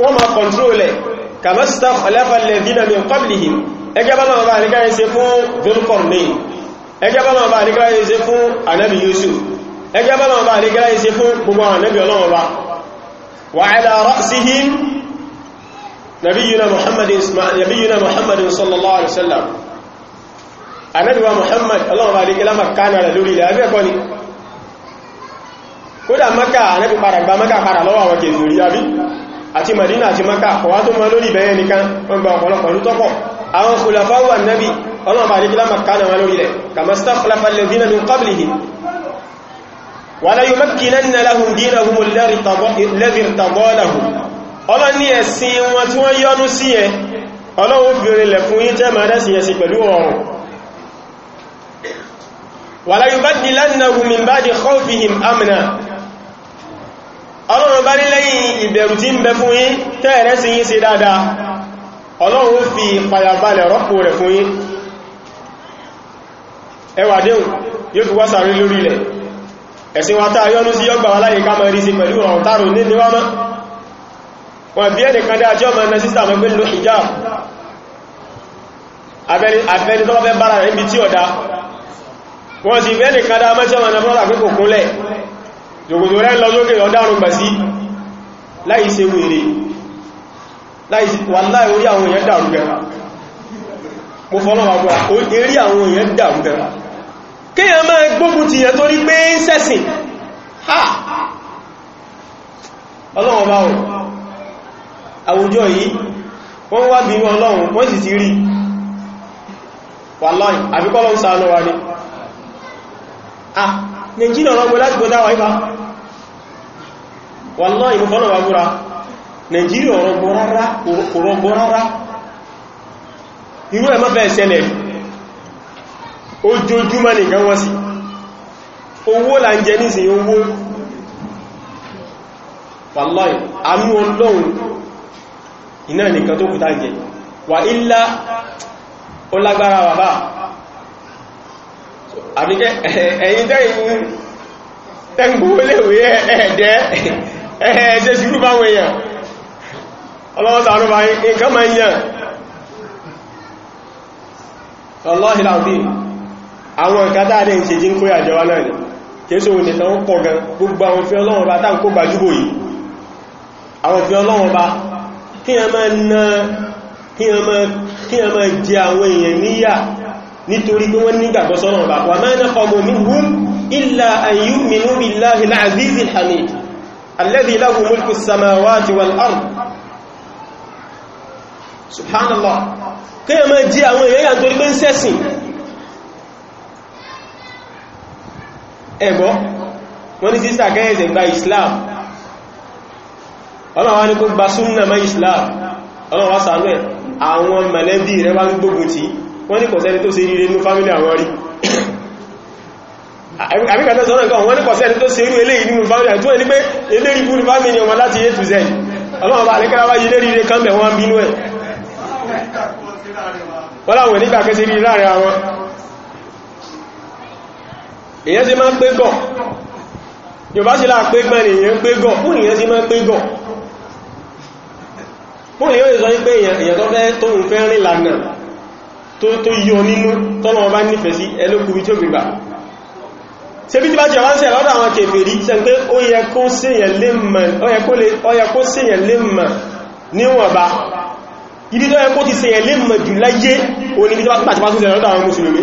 tí wọ́n ma kọntrólẹ̀ kàmọ́sítà ọ̀lẹ́fàlẹ̀ dínà mi kọ́blìhì ẹgbẹ́ bá máa bá àríkáyẹ ṣe fún Dhul-Qarnayn ẹgbẹ́ bá máa bá àríkáyẹ ṣe fún anábi Yusuf ẹgbẹ́ bá máa bá àríkáyẹ ṣe fún gbogbo anábi Ọlọ́run wa wa ala ra'sihim nabiyyuna Muhammadin nabiyyuna Muhammadin sallallahu alaihi wasallam anábi wa Muhammad Ọlọ́run bá àríkẹ́ lámà kánà lórí ilẹ̀ abẹ́ẹ̀kọ́ ni kódà maka anábi padà gba maka padà lọ́wọ́ àwọn kèfèrí àbí àti Madina àti Maka kọwa tó mọ́ lórí bẹ̀yẹn nìkan wọ́n gba ọ̀pọ̀lọpọ̀ ló tọ́pọ̀ àwọn khulafa'u annabi ọlọ́pàá àríkílá makana wọn lórí rẹ̀ kama stakhlafa alladhina min qablihim wala yumakkinanna lahum Ọlọ́run bá ní lẹ́yìn ìbẹ̀rù tí ń bẹ fún yín tẹ́ẹ̀rẹ́ sí yín ṣe dáadáa Ọlọ́run ó fi ìpayàbalẹ̀ rọ́pò rẹ̀ fún yín ẹwà déhùn yóò fi wásàrí lórí ilẹ̀ ẹ̀sìn wa táa yọ́nú sí yọ́gbà aláyè ká mọ̀ rí sí pẹ̀lú ọ̀rọ̀ tààrù ní níwá mọ́ wọ́n bí ẹnìkan dá tí ọmọ ẹ̀nà yòkòtò rẹ̀ lọ sókè ọ̀dárùn gbà sí láì ṣe wèrè wàláì orí àwọn èèyàn dàrú gẹ̀rà mo fọ́nà wà gbà orí àwọn èèyàn dàrú gẹ̀rà kéèyàn ha ọlọ́wọ́ bá wọn àwùjọ yìí wọ́n wá bí wọn lọ́wọ́ wọ́n sì ti rí wàláì àbíkọ́lọ́ ń sa lọ́wọ́ ni ah Nàìjíríà lọ́gbọ́ láti gbọ́dáwà ìfà wallahi ìmúkọ́lọ̀ wà búra nàìjíríà ọ̀rọ̀gbọ́ rárá irú ẹ̀ mọ́fẹ́ ṣẹlẹ̀ ojoojúmọ́ nìkan wọ́n sí owó là ń jẹ nísìn owó wallahi àánú ọlọ́run iná nìkan tó kùtà jẹ wà ilá ó lágbára wà bá àbíkẹ́ ẹ̀yìn tẹ́gbówó léwé ẹ̀ẹ̀dẹ́ ẹ̀ẹ́jẹ́ sí rúbá wọn èèyàn ọlọ́wọ́ta àrùbá nǹkan ma ń yàn ọlọ́hì láàbí àwọn ìkátà àdẹ́ ń ṣe jí ń kó àjọwà náà ni kéèsò òun nìkan pọ̀ gan gbogbo àwọn fi ọlọ́wọ́n bá táà kó gbajúgbò yìí àwọn fi ọlọ́wọ́n bá kí a máa jẹ àwọn èèyàn níyà nítorí pé wọ́n nígbàgbọ́ الذي له ملك السماوات والأرض سبحان الله kí ẹ máa jí àwọn èèyàn torí pé ń sẹ́sìn ẹ̀bọ́ wọ́n ni sísà kẹ́ẹ̀ẹ̀sẹ̀ gba Islam ọmọ wa ní kó gba súnnà mọ́ Islam ọmọ wa sàánú ẹ̀ àwọn mẹ̀lẹ́bí rẹ̀ wá ń gbógun ti wọ́n ní kọ̀sẹ́ni tó ṣe rí rẹ̀ ní fámílì àwọn rí àbíkàtà sọ́nà kan wọ́n ní kọ̀sẹ́ ẹni tó ṣe irú eléyìí nínú family àti wọ́n ní pé eléyìí bú ní family ọmọ láti a to z ọlọ́wọ́n bá alẹ́kẹ́lá wáyé lérí ilé kan bẹ̀ wọ́n bínú ẹ̀ wọ́n láwọn nígbà kẹsẹ̀ rí láàrin àwọn èyàn sí máa ń pé gọ̀ yọba sí láà pé gbọ́n èyàn pé gọ̀ fún èyàn sí máa ń pé gọ̀ fún èyàn sọ pé èyàn tó fẹ́ tó ń fẹ́ rìn lànà tó yọ nínú tọ́lọ̀ ọba nífẹ̀ẹ́ sí ẹlókùnrin tí ó gbìgbà ṣe bí tí bá jẹ́ wá ń sẹ̀ lọ́dọ̀ àwọn kèfèrí ṣe pé ó yẹ kó síyàn lè mọ̀ níwọ̀nba ibi tó yẹ kó ti síyàn lè mọ̀ jù láyé òní ibi tó bá ti bá tún sẹ̀ lọ́dọ̀ àwọn mùsùlùmí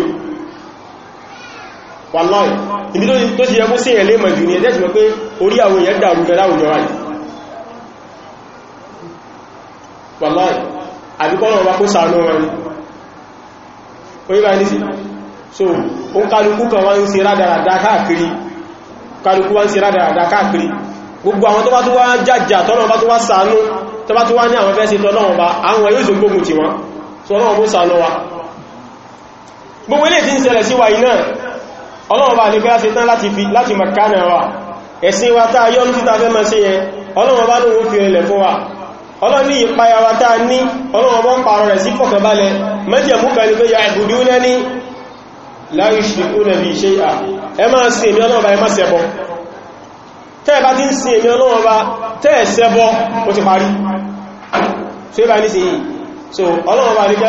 wàláhì ibi tó ti yẹ kó síyàn lè mọ̀ jù ní ẹ̀dẹ́ ti mọ̀ pé orí àwọn èèyàn dàrú gẹ́lá òjò wáyé wàláhì àbíkọ́nà ọba kó sàánú wọn ni so ó kálukú kan wá ń ṣe rádaràdá káàkiri kálukú wá ń ṣe rádaràdá káàkiri gbogbo àwọn tó bá tó wá jàjà tọ́lọ́wọ́ bá tó wá sàánú tó bá tó wá ní àwọn fẹ́ sí àwọn yóò ti wọn tó ọlọ́wọ́ bó sàánú wa gbogbo ilé tí ń ṣẹlẹ̀ sí wa iná ọlọ́wọ́ bá ní fẹ́ sí tán láti wa wa láyé ṣìkú nà bí ṣe à ẹ máa sin èmi ọlọ́ọ̀bá ẹ máa ṣẹbọ tẹ́ẹ̀ bá ti ń sin èmi ọlọ́ọ̀bá tẹ́ẹ̀ ṣẹbọ ó ti parí ṣe bá ní sí yìí so ọlọ́ọ̀bá ní kí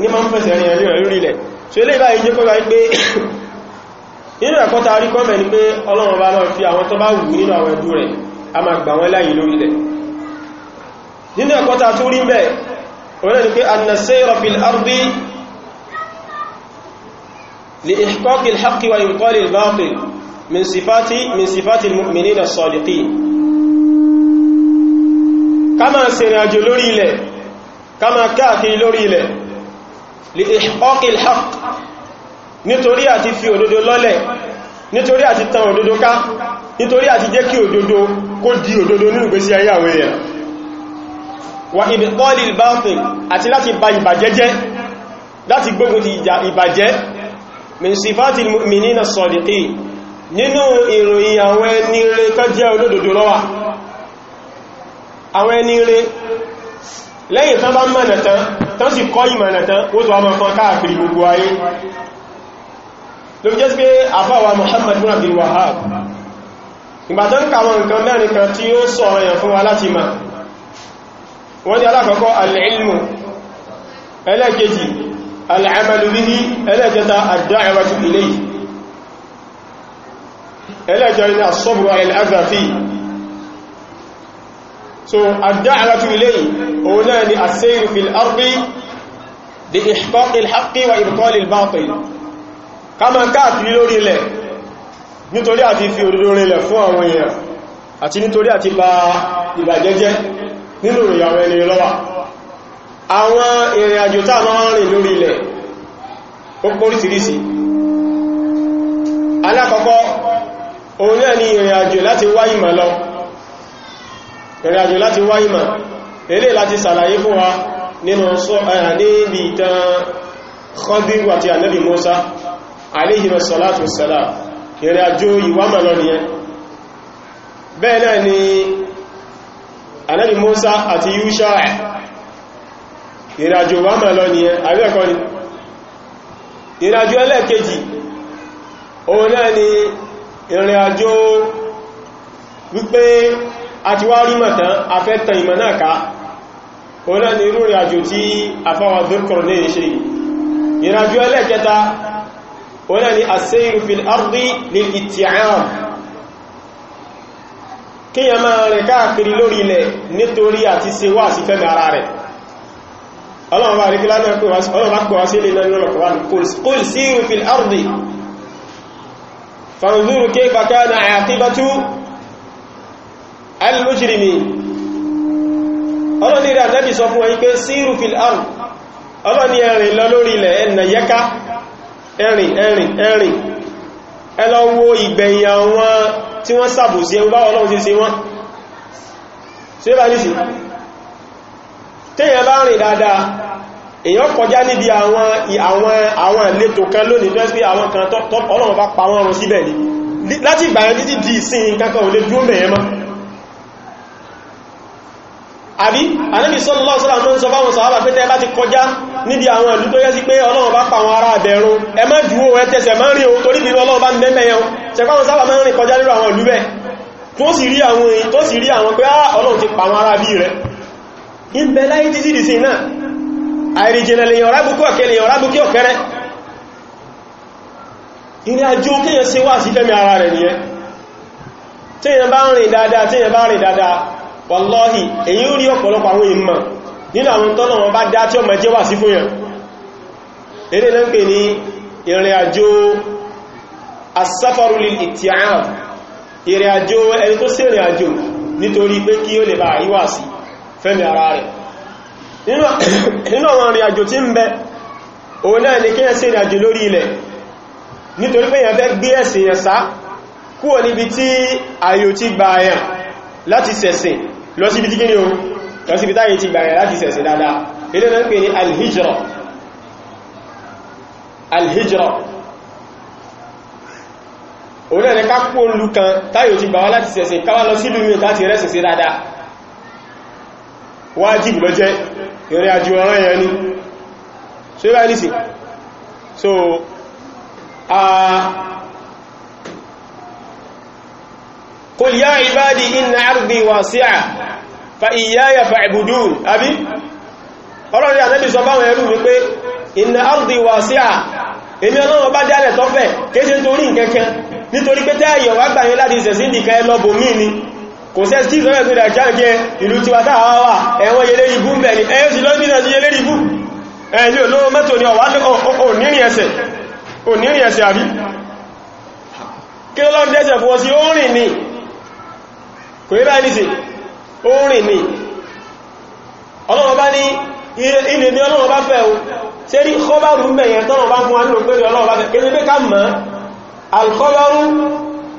ní máa ń fẹ̀sẹ̀ rìn ẹ̀rí ẹ̀rí rílẹ̀ so ilé ìbáyé jẹ́ kọ́gbà pé nínú ẹ̀kọ́ ta rí kọ́mẹ̀ ni pé ọlọ́ọ̀bá náà fi àwọn tó bá wù nínú àwọn ẹ̀dú rẹ̀ a máa gbà wọ́n láyé lórí ilẹ̀ nínú ẹ̀kọ́ ta tó rí mẹ́ òun náà ni pé annasayra fil ardi لإحقاق الحق وإنقال الباطل من صفات من صفات المؤمنين الصادقين كما سيراج لوري له كما كاكي لوري له لإحقاق الحق nítorí àti fi òdodo lọ́lẹ̀ nítorí àti tan òdodo ká nítorí àti jẹ́ kí òdodo kó di òdodo nínú ìgbésí ayé àwọn èèyàn wà ìbẹ̀kọ́lì ìbáfẹ́ àti láti ba ìbàjẹ́ jẹ́ láti gbógun ti ìbàjẹ́ min sifati al-mu'minina as-sadiqin nínú ìròyìn àwọn ẹni rere tó jẹ́ olódodo ló wà àwọn ẹni rere lẹ́yìn tán bá mọ̀nà tán tán sì kọ́ kan káàkiri gbogbo ayé ló jẹ́ sí pé àfáwà Muhammad Abdul Wahhab kan tí ó sọ fún wa láti ma wọ́n ni alákọ̀ọ́kọ́ al-ilmu ẹlẹ́kejì al'amalu bihi ẹlẹ́kẹta ad-da'watu ilayhi ẹlẹ́kẹrin ni as-sabru 'ala al-adha fihi so ad-da'watu ilayhi òun náà ni as-sayru fil ardi bi ihqaq al-haqqi wa ibtal al-batil kama káàkiri lórí ilẹ̀ nítorí àti fi òdodo rinlẹ̀ fún àwọn èèyàn àti nítorí àti ba ìbàjẹ́jẹ́ nínú ìyàwó ẹni lọ́wà àwọn ìrìn àjò tá máa ń rìn lórí ilẹ̀ ó póríṣìíríṣìí alákọ̀ọ́kọ́ òun náà ni ìrìn àjò láti wá ìmọ̀ lọ ìrìn àjò láti wá ìmọ̀ eré láti sàlàyé fún wa nínú níbi bẹ́ẹ̀ náà ni ànábì Musa àti Yusha ìrìnàjò obama lọ nìyẹn àríẹ̀kọ́ ni ìrìnàjò ẹlẹ́ẹ̀kejì òun náà ni ìrìnàjò wípé a ti wá rí mọ̀tán afẹ́tàn ìmọ̀ náà ká òun náà ni irú ìrìnàjò tí afáwọn dúrkọ̀rọ̀ ní ìṣe náà ni as fil ardi lil-itti'am kíyàn máa rìn káàkiri lórí ṣe ọlọ́run bá ríkí lábẹ́ pẹ̀wá sí ilé lọ́nà ọ̀pọ̀wọ́n kul síru fil ardi fanzuru kayfa kana aqibatu al-mujrimin ọlọ́ni rẹ̀ anẹ́bì sọ fún ẹgbẹ́ síru fil ardi ọlọ́ni ẹ̀rìn lọ lórí ilẹ̀ ẹ̀nà yẹ́ká ẹ̀rìn ẹ̀rìn ẹ̀rìn ẹ lọ wo ìgbẹ̀yìn àwọn tí wọ́n ṣàbòsí ọlọ́run ti ṣe wọ́n ṣe bá téèyàn bá rìn dáadáa èyàn kọjá níbi àwọn àwọn àwọn ìletò kan lónìí tó ẹ́sì àwọn kan tọ́ ọlọ́run bá pa wọ́n rún síbẹ̀ ni láti ìgbà yẹn títí di ìsìn kankan ò lè dúró mẹ́yẹn mọ́ àbí anábi sọ́lọ́lọ́ sọ́lọ́ àwọn sọ fáwọn sọ̀hábà pé tẹ́ bá ti kọjá níbi àwọn ìlú tó yẹ́ sí pé ọlọ́run bá pàwọn ará àbẹ̀rún ẹ má dúró ẹ tẹsẹ̀ má rí ohun torí bí ọlọ́run bá ń bẹ́ẹ̀ yẹn tẹ́kọ́wọ́n sábà má rìn kọjá nínú àwọn ìlú bẹ́ẹ̀ tó sì rí àwọn pé ah, ọlọ́run ti pàwọn ará bí rẹ̀ ń bẹ láyé títí dì sí náà àìrìjìnà lèyàn rábùkú ọ̀kẹ́ lèyàn rábùkú ọ̀kẹ́rẹ́ ìrìn àjò kíyàn sí wà sí fẹ́mi ara rẹ̀ nìyẹn tíyàn bá ń rìn dáadáa tíyàn bá rìn dáadáa wàlọ́hì èyí ó rí ọ̀pọ̀lọpọ̀ àwọn ìmọ̀ nínú àwọn tọ́nà wọn bá dá tí ọmọ jẹ́ wà sí fún yàn eré náà pè ní ìrìn àjò asáfàrúlì ìtìyàn ìrìn àjò ẹni tó sí ìrìn àjò nítorí pé kí ó lè bá ìwà sí fẹ́mi ara rẹ̀ nínú àwọn arìnrìn àjò tí ń bẹ òun náà ni kíyàn sí ìrìn àjò lórí ilẹ̀ nítorí pé èyàn fẹ́ gbé ẹ̀sìn yẹn sá kúrò níbi tí ayò ti gba àyàn láti sẹ̀sìn lọ síbi tí kíni o lọ síbi táyé alhijra alhijra òun náà ni ká kúrò lù kan táyò ti gba wá láti sẹ̀sìn káwá dáadáa wájìb ló jẹ́ ìrìn àjò ọ̀rọ̀ ya ni so ibá nìsì so a qul ya ibadi inna ardi wasi'a fa iyaya fa'budun àbí ọlọ́rin àtẹ́bì sọ báwọn ẹrù wípé inna ardi wasi'a èmi ọlọ́run bá dálẹ̀ tọ́fẹ̀ kéje nítorí nkẹ́kẹ́ nítorí pé tẹ́ àyẹ̀wà gbà yẹn láti ìsẹ̀sí ìdìkẹ́ lọ́bọ̀ ni kò sẹ́ sí ìsọ́rẹ̀ tó dàjá jẹ́ ìlú tí wà táà wà ẹ̀wọ́n yẹlé ibú mẹ́ ni ẹ̀yọ́ sí lọ́dún náà ti yẹlé ibú ẹ̀lú olówó mẹ́tò ni ọ̀wà onírin ẹsẹ̀ àbí kí ló lọ́dún ẹsẹ̀ fún ọ sí orin ni kò yí báyìí sí orin ni ọlọ́wọ́ bá ní ilé ní ọlọ́wọ́ bá fẹ́ o ṣe rí kọ́bárù mẹ́yẹn tọ́nà bá fún wa nínú pẹ́lú ọlọ́wọ́ bá fẹ́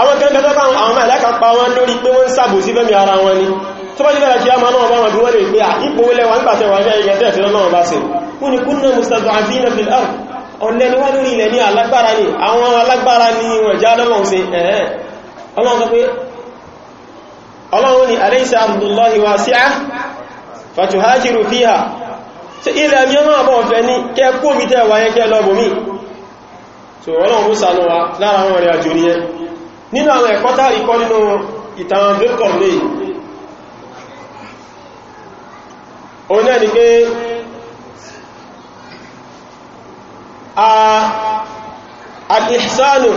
àwọn gẹ́gẹ́gẹ́ àwọn mẹ́lẹ́ka pa wọn lórí pé wọ́n ń sàbò sí fẹ́mi ara wọn ni tó bá jíbẹ̀rẹ̀ kí a máa náà bá wọn bí wọ́n lè pé à ipò lẹ́wà nígbàtẹ̀ wà ní ẹgbẹ̀ tẹ́ ìfẹ́ náà bá ṣe ni kúnnà mustad'afina ni wá lórí ilẹ̀ ní ni àwọn alágbára ni wọ́n ni mi nínú àwọn ẹ̀kọ́ tàrí kọ́ nínú ìtàn Zulkarni o náà ni pé al-ihsanu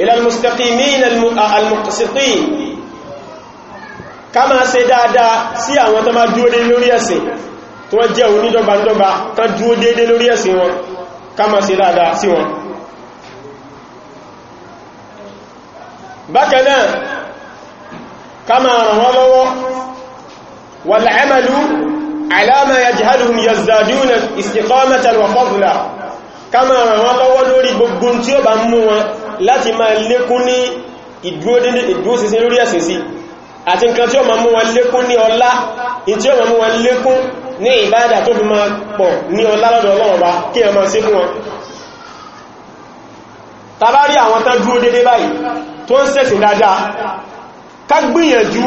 ila al-mustaqimin al-muqsitin ká máa ṣe dáadáa sí àwọn tó máa dúró dé lórí ẹ̀sìn tó wọ́n jẹ́ onídọ́gbandọ́gba tán dúró déédé lórí ẹ̀sìn wọn ká máa ṣe dáadáa sí wọn bákanáà kama ràn wọ́n lọ́wọ́ wal amalu ala ma yajhaluhum yazdaduna istiqamatan wa fadla kama ràn wọ́n lọ́wọ́ lórí gbogbo tí ó bá mú wọn láti máa lékún ní ìdúróṣinṣin lórí ẹ̀sìn sí àti nǹkan tí ó máa mú wọn lékún ní ọlá tí ó máa mú wọn lékún ní ìbádà tó fi máa pọ̀ ní ọlá lọ́dọ̀ kí ẹ máa ṣe fún wọn tàbárí àwọn tán dúró dédé báyìí tó ń ṣẹ̀sìn dáadáa ká gbìyànjú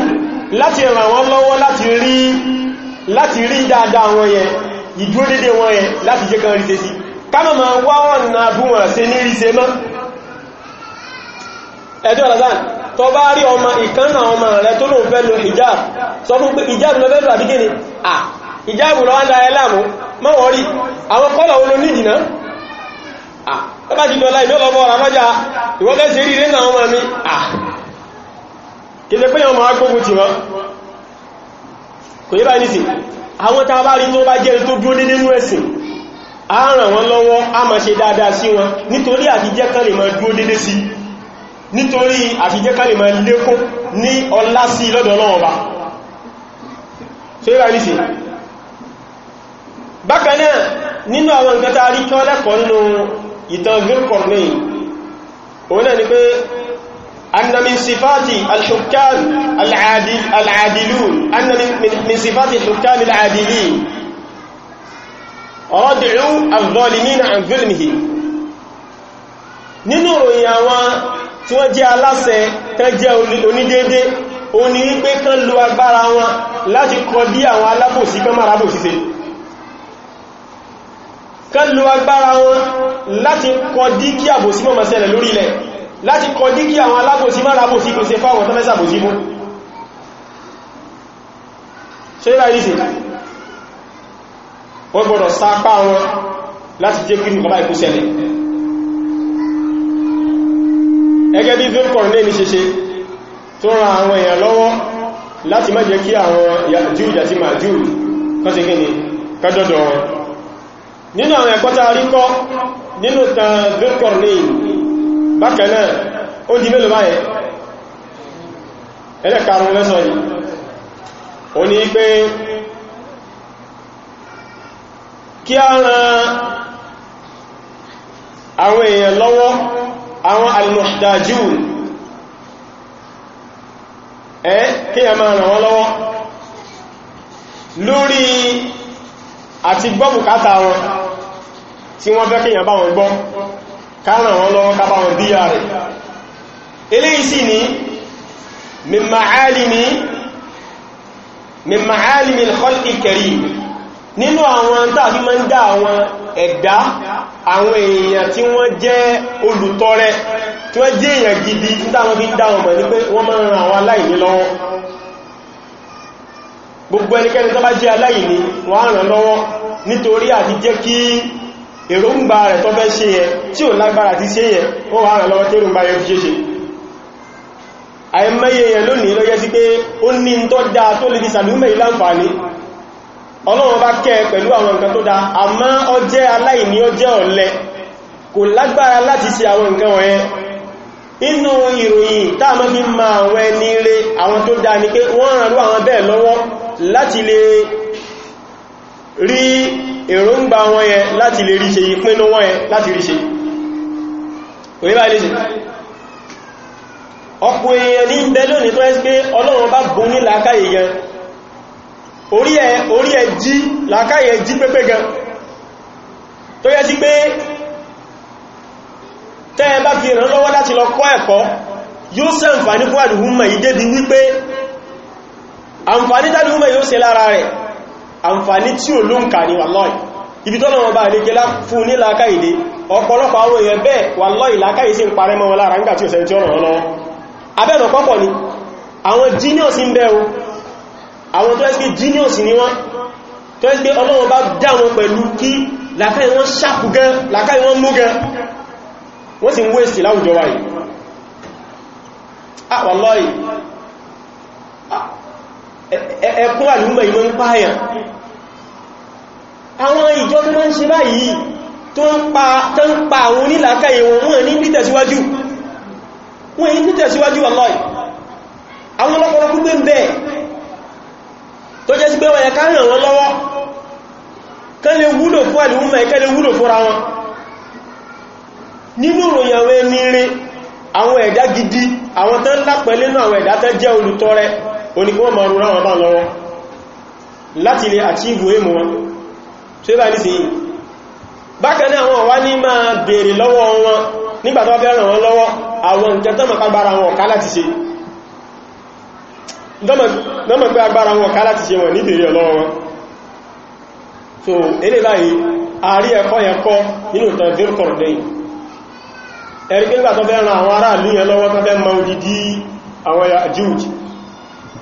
láti ràn wọ́n lọ́wọ́ láti rí láti rí dáadáa wọn yẹn ìdúró dédé wọn yẹn láti jẹ́ kan ríṣe sí káàmà ma wá wọn na bú wọn ṣe ní ríṣe mọ́ ẹjọ́ ọ̀làdán tó bá rí ọmọ ìkánà ọmọ rẹ tó lóun fẹ́ lo hijab sọ fún pé lọ fẹ́ tọ́bá ah. ti dọ́lá ìlú ọlọ́bọ̀ ọ̀rọ̀ lọ́jà sí rí ní àwọn ọmọ mi à kéde yàn máa gbógun wọ́n kò yí ní sí àwọn tàà bá rí tó bá jẹ́ tó dúró nínú ẹ̀sìn a ràn lọ́wọ́ a máa ṣe dáadáa sí wọn nítorí àfijẹ́ kan lè máa dúró dédé sí nítorí kan lè máa ní ọlá sí lọ́dọ̀ yíra ní sí ìtàn Dhul-Qarnayn òun náà ni pé anna min sifati al-hukkam al-adilun anna min sifati al-hukkam al-adilin rad'u adh-dhalimina an dhulmihim nínú ìròyìn àwọn tí wọ́n jẹ́ aláṣẹ tán jẹ́ onídéédé òun ni wípé kán lo agbára wọn láti kọ bí àwọn alábòsí kán máa rábòsí se kán lo agbára wọn láti kọdí kí àbòsí mọ́ mọ́sẹ̀lẹ̀ lórí ilẹ̀ láti kọdí kí àwọn alábòsí má rábòsí kò se fáwọn tó mẹ́sà bòsí mú ṣe rà ìrìsì wọ́n gbọ́dọ̀ sápá wọn láti jẹ́ kí nìkan bá ikú ṣẹlẹ̀ ẹgẹ́ bí vilcorn ní ṣeṣe tó ran àwọn èèyàn lọ́wọ́ láti má jẹ́ kí àwọn júù jàti màjúù kan ṣe kí ni kọ́dọ̀dọ̀ wọn nínú àwọn ẹ̀kọ́ta ríkọ́ nínú tàn vilkor ní bákanáà ó di mélòó báyẹ̀ ẹlẹ́kàrún lẹ́sọ̀ yìí ó ní pé kí a ran àwọn èèyàn lọ́wọ́ àwọn al-muhtajun ẹ́ kí a máa ràn wọ́n lọ́wọ́ lórí àti gbọ́ bùkátà wọn tí wọ́n fẹ́ kíyàn bá wọn gbọ́ káràn wọn lọ́wọ́ ká bá wọn díyà rẹ̀ eléyìí sì ní min ma'alimi al-khalqi al-karim nínú àwọn tàbí ma ń dá àwọn ẹ̀dá àwọn èèyàn tí wọ́n jẹ́ olùtọrẹ tí wọ́n jẹ́ èèyàn gidi tí táwọn fi ń dá wọn mọ̀ pé wọ́n máa ń àwọn aláìní lọ́wọ́ gbogbo ẹnikẹ́ni tó bá jẹ́ aláìní wọ́n ràn lọ́wọ́ nítorí àti jẹ́ kí èròǹgbà rẹ̀ tó fẹ́ ṣe yẹ tí ò lágbára ti ṣe yẹ ó wà ràn lọ́wọ́ tí èròǹgbà yẹ fi ṣe ṣe àìmẹ́yẹ yẹn lónìí ló yẹ sí pé ó ní tó dá tó lè fi sàlúmẹ̀ inú ìròyìn táàmọ́ bí ma àwọn ẹni rẹ̀ àwọn tó dáa ní pé wọ́n rán àwọn bẹ́ẹ̀ lọ́wọ́ láti lè rí èròǹgbà wọn yẹn láti lè rí ṣe ìpinnu wọn yẹn láti rí ṣe òní bá ilé ṣe ọ̀pọ̀ èèyàn ní bẹ́lónì tó ẹ́sì pé ọlọ́run bá bùn ní làákàyè gan orí ẹ̀ jí làákàyè jí pépé gan tó yẹ sí pé tẹ́ ẹ bá fi ràn lọ́wọ́ láti lọ kọ́ ẹ̀kọ́ yóò ṣe àǹfàní fún àdìhúnmọ̀ yìí débi wípé àǹfàní tàdìhúnmọ̀ yóò ṣe lára rẹ̀ àǹfàní tí ò lóǹkà ní wàlọ́ì ibi tọ́nà wọn bá lè gẹ́lá fún ní lákàìdé ọ̀pọ̀lọpọ̀ genius ń bẹ o genius ni wọ́n tó ẹ́sì ọlọ́wọ́n bá dá wọn pẹ̀lú kí lákàì wọ́n sì ń wéṣì láwùjọ wáyé àwọ̀lọ́yì ah, ah, ẹkún àlúmọ̀ ìmọ̀ ń pààyàn àwọn ìjọ tó máa ń ṣe báyìí tó ń pa àwọn onílàkàyè wọn wọ́n ní nítẹ̀síwájú wọ́n ní nítẹ̀síwájú wọ́n yẹ nínú ìròyìn àwọn ẹni rí àwọn ẹ̀dá gidi àwọn tán lápẹ́ lẹ́nu àwọn ẹ̀dá tán jẹ́ olùtọrẹ oníkọ́ ma rúra wọn bá lọ́wọ́ láti lè àtíìbù èmù wọn tó bá ní sí yìí bákan náà wọn wá ní máa bèèrè lọ́wọ́ wọn nígbàtọ́ fẹ́ ràn wọn lọ́wọ́ àwọn nǹkan tán mọ̀ agbára wọn ọ̀ká láti ṣe lọ́mọ̀ so eré báyìí àárí ẹ̀kọ́ yẹn kọ́ nínú tàn fírkọ̀rọ̀dẹ́yìn ẹ̀rígbégbà tó fẹ́ na àwọn ará ìlú yẹn lọ́wọ́ tó fẹ́ ma odidi àwọn Yájúj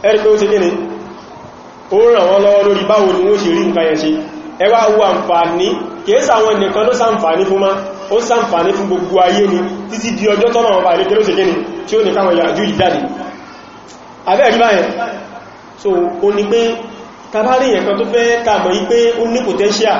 ẹ̀rígbé ó ti gíní ó ràn wọ́n lọ́wọ́ lórí báwo ni wọ́n ṣe rí nǹkan yẹn ṣe ẹwà wo àǹfààní kìíṣà àwọn ló sàǹfààní fún ma ó sàǹfààní fún gbogbo ayé ni títí di ọjọ́ tọ́nà ọba ilé kéré tí ó ní káwọn jáde so ní pé tó fẹ́ kàmọ̀ yí pé ó ní potential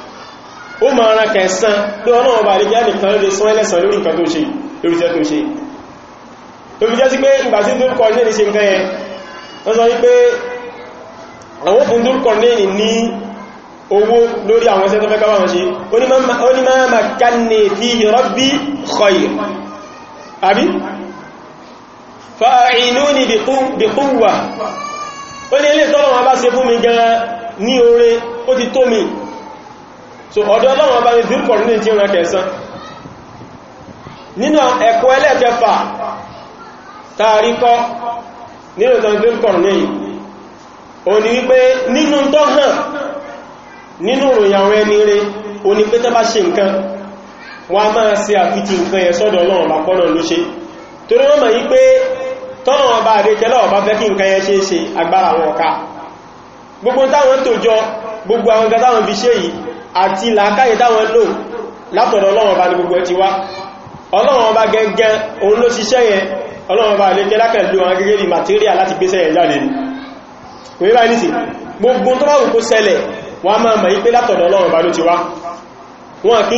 ó ma ara kẹsàn tó ọlọ́wọ́ bá àríkẹ́ nìkan lè sọ ẹlẹ́sàn lórí nǹkan tó ṣe lórí tẹ́ tó ṣe tó fi jẹ́ sí pé ìgbà tí dúrúkọ ní ní ṣe nǹkan yẹn wọ́n sọ wípé àwọn fún dúrúkọ ní ní owó lórí àwọn ẹsẹ́ tó fẹ́ káwọn ṣe ó ti tó mi so ọ̀dọ̀ ọlọ́run ọba ni zirkọ̀ ní tí wọ́n kẹsàn nínú ẹ̀kọ́ ẹlẹ́ẹ̀kẹfà tààríkọ́ nínú tàn zirkọ̀ ní o wípé nínú tó hàn nínú ẹni o pé tó bá ṣe nǹkan wọ́n máa ṣe àfitì nǹkan yẹn sọ́dọ̀ ọlọ́run ọba pọ́nà ló ṣe torí wọ́n mọ̀ yí pé tọ́nà ọba àdékẹ́lọ́ ọba fẹ́ kí nǹkan yẹn ṣe ṣe agbára àwọn ọ̀ka gbogbo táwọn tó àti làákàyè táwọn lò látọ̀dọ̀ ọlọ́wọ̀n bá ní gbogbo ẹ ti wá ọlọ́wọ̀n bá gẹ́gẹ́ òun ló ṣiṣẹ́ yẹn ọlọ́wọ̀n bá lè kẹ́lákẹ̀ ló wọn gẹ́gẹ́ bí material láti gbé sẹ́yẹ̀ jáde ní wèé bá nìsí gbogbo tó bá wù kó ṣẹlẹ̀ wọ́n máa mọ̀ ipé látọ̀dọ̀ ọlọ́wọ̀n bá ló ti wá wọn kì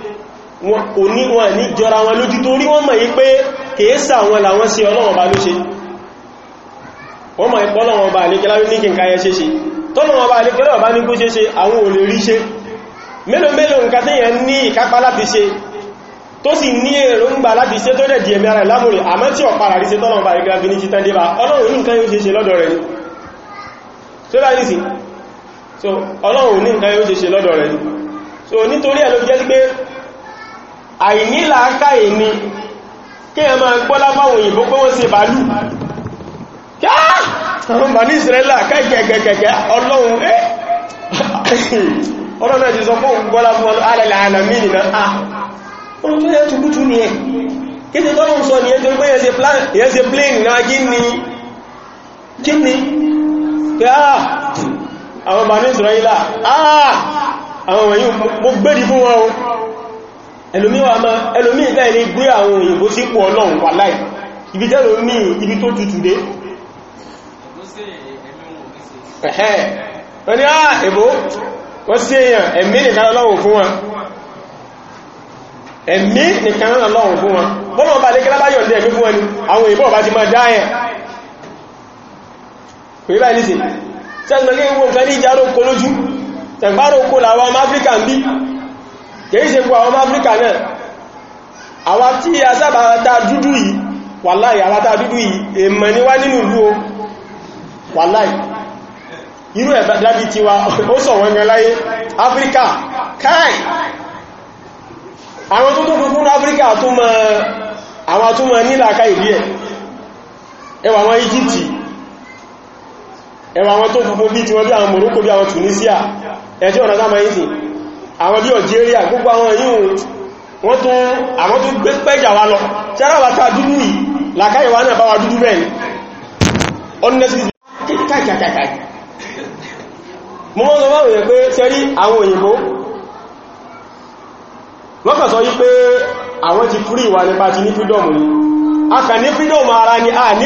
wọn ní jọra wọn lójú torí wọ́n mọ̀ yí pé kèésà wọn làwọn sí ọlọ́wọ̀n bá ló ṣe wọ́n mọ̀ ipọ́ lọ́wọ́n bá àlékẹ́lá ní kí n káyẹ ṣe ṣe tọ́lọ́wọ́n bá àlékẹ́lá bá ní kú ṣe ṣe àwọn ò lè rí ṣe mélòó mélòó nǹkan tí yẹn ní ìkápá láti ṣe tó sì ní èròǹgbà láti ṣe tó dẹ̀ di ẹ̀mí ara ìlámùrì àmọ́ tí ọ̀pá àrí ṣe tọ́lọ̀mù bá ìgbà bíní títẹ́ dé bá ọlọ́run ní nǹkan yóò ṣe ṣe lọ́dọ̀ rẹ̀ ni àìnílà káyè ni kí ẹ máa gbọ́lá fáwọn òyìnbó pé wọ́n ṣe bàálù àwọn bà ní ìsìnrẹ́lá kẹ́kẹ́kẹ́kẹ́ ọlọ́run ẹ́ eh! ọlọ́run ẹ̀ ti sọ fún gbọ́lá fún alẹ́lẹ́ àlàmì ìrìnà à ọ̀rọ̀ tó yẹ tukutu ni ẹ̀ kéde tọ́lọ́run sọ ni ẹ́ torí pé yẹ́ ṣe plane náà gíní gíní pé àwọn bà ní ìsìnrẹ́lá ah! ah! àwọn wọ̀nyí mo gbẹ́dì fún wọn ẹlòmí ìfẹ́ ní gbé àwọn òyìnbó sí pọ̀ ọlọ́run wà láì ibi tẹ́lò ní ibi tó tutù dé wọ́n ni àà ah, èbó wọ́n sí èèyàn ẹ̀mí nìkan ọlọ́run fún wọn ẹ̀mí nìkan ọlọ́run fún wọn bọ́nà ọba lékẹ́lá bá yọ̀ndẹ̀ ẹ̀mí fún wọn ni àwọn òyìnbó ọba ti máa dáyẹ̀ kìí ṣe gbọ́ àwọn Áfíríkà náà àwa tí a sábà ta dúdú yìí wàláì àwa ta dúdú yìí èèmọ̀ ni wá nínú ìlú o wàláì inú ẹ̀bá dábí ti wa ó sọ̀wọ́ ẹgbẹ̀ láyé Áfíríkà káì àwọn tó tó kúkún Áfíríkà tó mọ àwọn tó mọ nílàkà ìrí ẹ̀ ẹwà àwọn Íjíptì ẹwà àwọn tó kúkún bí ti wọ́n bí àwọn Morocco bí àwọn Tunisia ẹjọ́ ọ̀nà sáàmà ìsìn àwọn bí Algeria gbogbo àwọn yíò wọ́n tún àwọn tún gbé pẹ́jà wa lọ tí ara wa ta dúdú yìí làkáyè wa náà bá wa dúdú bẹ́ẹ̀ ni honestly kàkàkàkà mo mọ́ a kà ní freedom ara ni a ní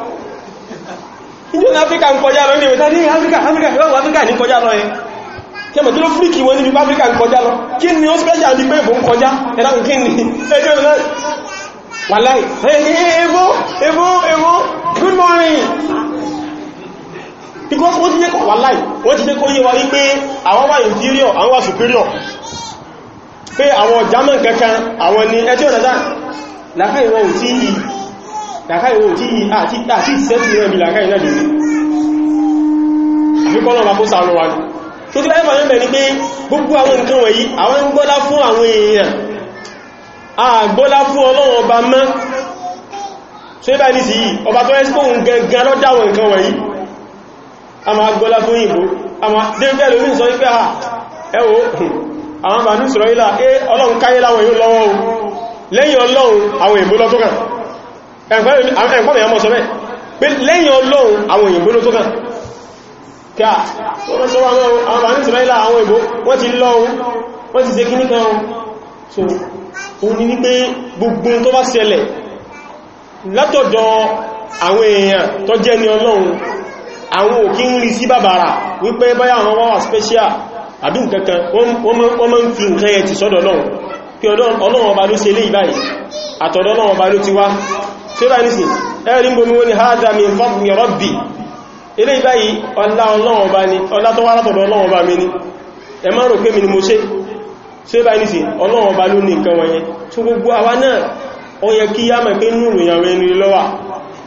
indian africa ń kọjá lọ ní ní africa africa ìwọ̀n africa ní kọjá lọ yẹn kẹmọ̀ tí ló fríkì wọn níbi africa ń kọjá lọ kí ni ó special ní pé ìbò ń kọjá ẹ̀dàkùn ni ẹjọ́ ìlú because wọ́n ti jẹ́ kọ̀ wàláì wọ́n ti jẹ́ kó yé wa wípé àwọn wà inferior àwọn wà superior pé àwọn german kankan àwọn ni ẹjọ́ ìdájá láfẹ́ ìwọ̀n tí làkáyì wo oh, tí àti ìsẹ́tù ah, ah, rẹ̀ bí làkáyì náà dìí àfikọ́nà bá kó sàánú tó tí láyé gbogbo àwọn nǹkan wọ̀nyí àwọn ń gbọ́lá fún àwọn èèyàn àgbọ́lá fún ọlọ́run ọba mọ. so ọba a máa fún a máa dẹ́gbẹ́ lómi sọ ah, eh, lẹ́yìn ọlọ́run àwọn ẹ̀kọ́ mẹ́yàn mọ́ sọ bẹ́ẹ̀ pé lẹ́yìn ọlọ́run àwọn òyìnbó ló tó kàn kí à wọ́n sọ àwọn àwọn ìsìnlẹ́lá àwọn òyìnbó wọ́n ti lọ́run wọ́n ti zekí níkan ohun so òun ni wípé gbogbo tó bá ṣẹlẹ̀ látọ̀dọ̀ àwọn èèyàn tó jẹ́ ní ọlọ́run àwọn òkí ń rí sí bàbàrà wípé báyà àwọn wáwà special àdún kankan wọ́n mọ́ ń fi nǹkan ẹ̀ ti sọ́dọ̀ ọlọ́run pé ọlọ́run ọba ló ṣe lé ìbáyìí àtọ̀dọ̀ ọlọ́run ọba ló ti wá ṣe bá nísìn ẹ̀rin bomi wọ́n ni hádà mi fọ́bùn rọ́bì ilé ìbáyìí ọlá ọlọ́wọ́bá ni ẹ má rò pé mi ni mo ṣe ṣe bá nísìn ọlọ́wọ́bá ló ní nǹkan wọ̀nyẹn tó gbogbo àwa náà ó yẹ kí yá mẹ́ pé núrù ìyàwó ẹni lọ́wà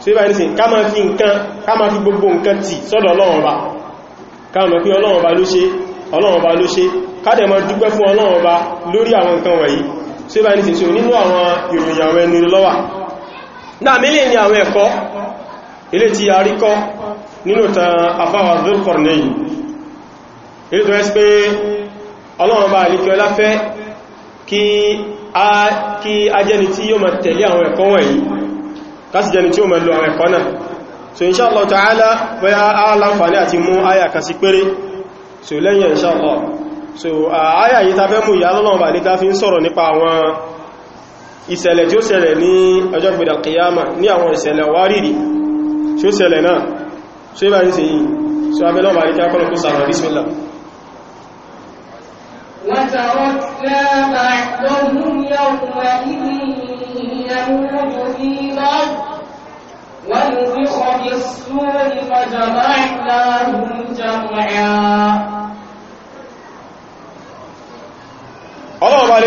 ṣe bá nísìn ká máa fi nǹkan ká máa fi gbogbo nǹkan tì sọ́dọ̀ ọlọ́wọ́bá ká mọ̀ pé ọlọ́wọ́bá ló ṣe ọlọ́wọ́bá ló ṣe ká dẹ̀ mọ́ dúpẹ́ fún ọlọ́wọ́bá nǹkan wọ̀nyí ṣe nísìn ṣe nínú àwọn ìròyìn àwọn ẹni lọ́wà náà mílẹ̀ ní àwọn ẹ̀kọ́ ilé tí a rí kọ́ nínú tan afáwà Dhul-Qarnayn ilé tó ẹ́sì pé ọlọ́run bá alìkẹ́ ọlá fẹ́ kí a jẹni tí yóò ma tẹ̀lé àwọn ẹ̀kọ́ wọ̀nyí kásì jẹni tí ó ma lo àwọn ẹ̀kọ́ náà so inṣáàlọ́ ta'ala bóyá aláǹfààní àti mú àyà kan sí so lẹ́yìn inṣáàlọ́ so àyà yìí ta fẹ́ mú ìyá lọ́lọ́run bá alìkẹ́ fi ìṣẹ̀lẹ̀ tí ó ṣẹlẹ̀ ní ọjọ́ gbẹ̀dẹ̀ kìyàmà ní àwọn ìṣẹ̀lẹ̀ wárìrì tí ó ṣẹlẹ̀ náà tí bá ní sèyí tí ó abẹ́lọ́wà ní kíákọ́lù sàrọ̀ bísmìlá ونفخ بالسور فجمعناهم جمعا ọlọ́ọ̀bá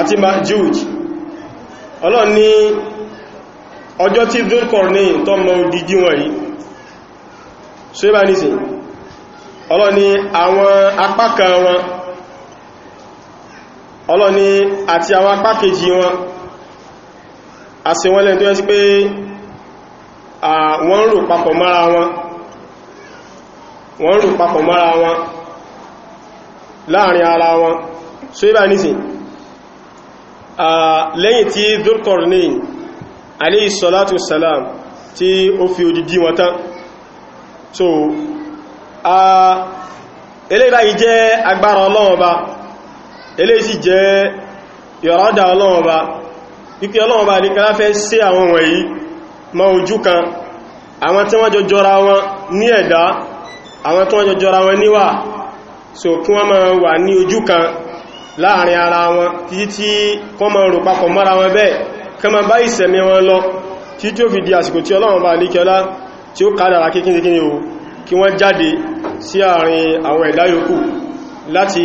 àti Majuj ọlọ́run ni ọjọ́ tí Dhul-Qarnayn tó mọ odidi wọn yìí so ibá nìsìn ọlọ́run ni àwọn apákà wọn ọlọ́run ní àti àwọn apákejì wọn àsìwọ́lẹ̀ tó yẹ́ sí pé àwọn rò papọ̀ mọ́ra wọn wọ́n rò papọ̀ mọ́ra wọn láàrin ara wọn so ibá nìsìn lẹ́yìn tí Dhul-Qarnayn alayhi salatu salam tí ó fi odidi wọn tán so eléra yìí jẹ́ agbára ọlọ́ọ̀ba eléyìí sì jẹ́ ìrádà ọlọ́ọ̀ba wípé ọlọ́ọ̀ba ní kí láfẹ́ sí àwọn wọ̀nyí ma ojú kan àwọn tí wọ́n jọ wọn ní ẹ̀dá àwọn tí wọ́n jọ wọn níwà so kí wọ́n ma wà ní ojú kan láàrin ara wọn kí tí wọ́n mọ̀ rò papọ̀ mọ́ra wọn bẹ́ẹ̀ kí ma bá ìsẹ̀mí wọn lọ kí tí ó fi di àsìkò tí ọlọ́run bá líkẹ́lá tí ó kádàrà kíkínikíni o kí wọ́n jáde sí àárín àwọn ẹ̀dá yòókù láti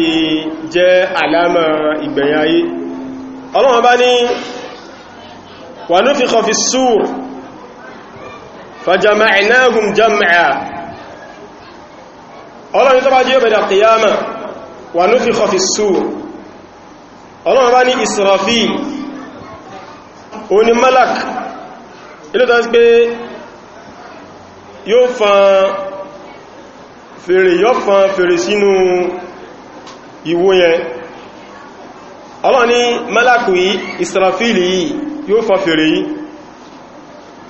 jẹ́ àlámà ìgbẹ̀yìn ayé ọlọ́run wa nufikha fi s ọlọ́run bá ní Israfil o ni malak ilé tó ń pé yóò fan fèrè yóò fan fèrè sínú ìwo yẹn ọlọ́run ní malak yìí Israfil yìí yóò fan fèrè yìí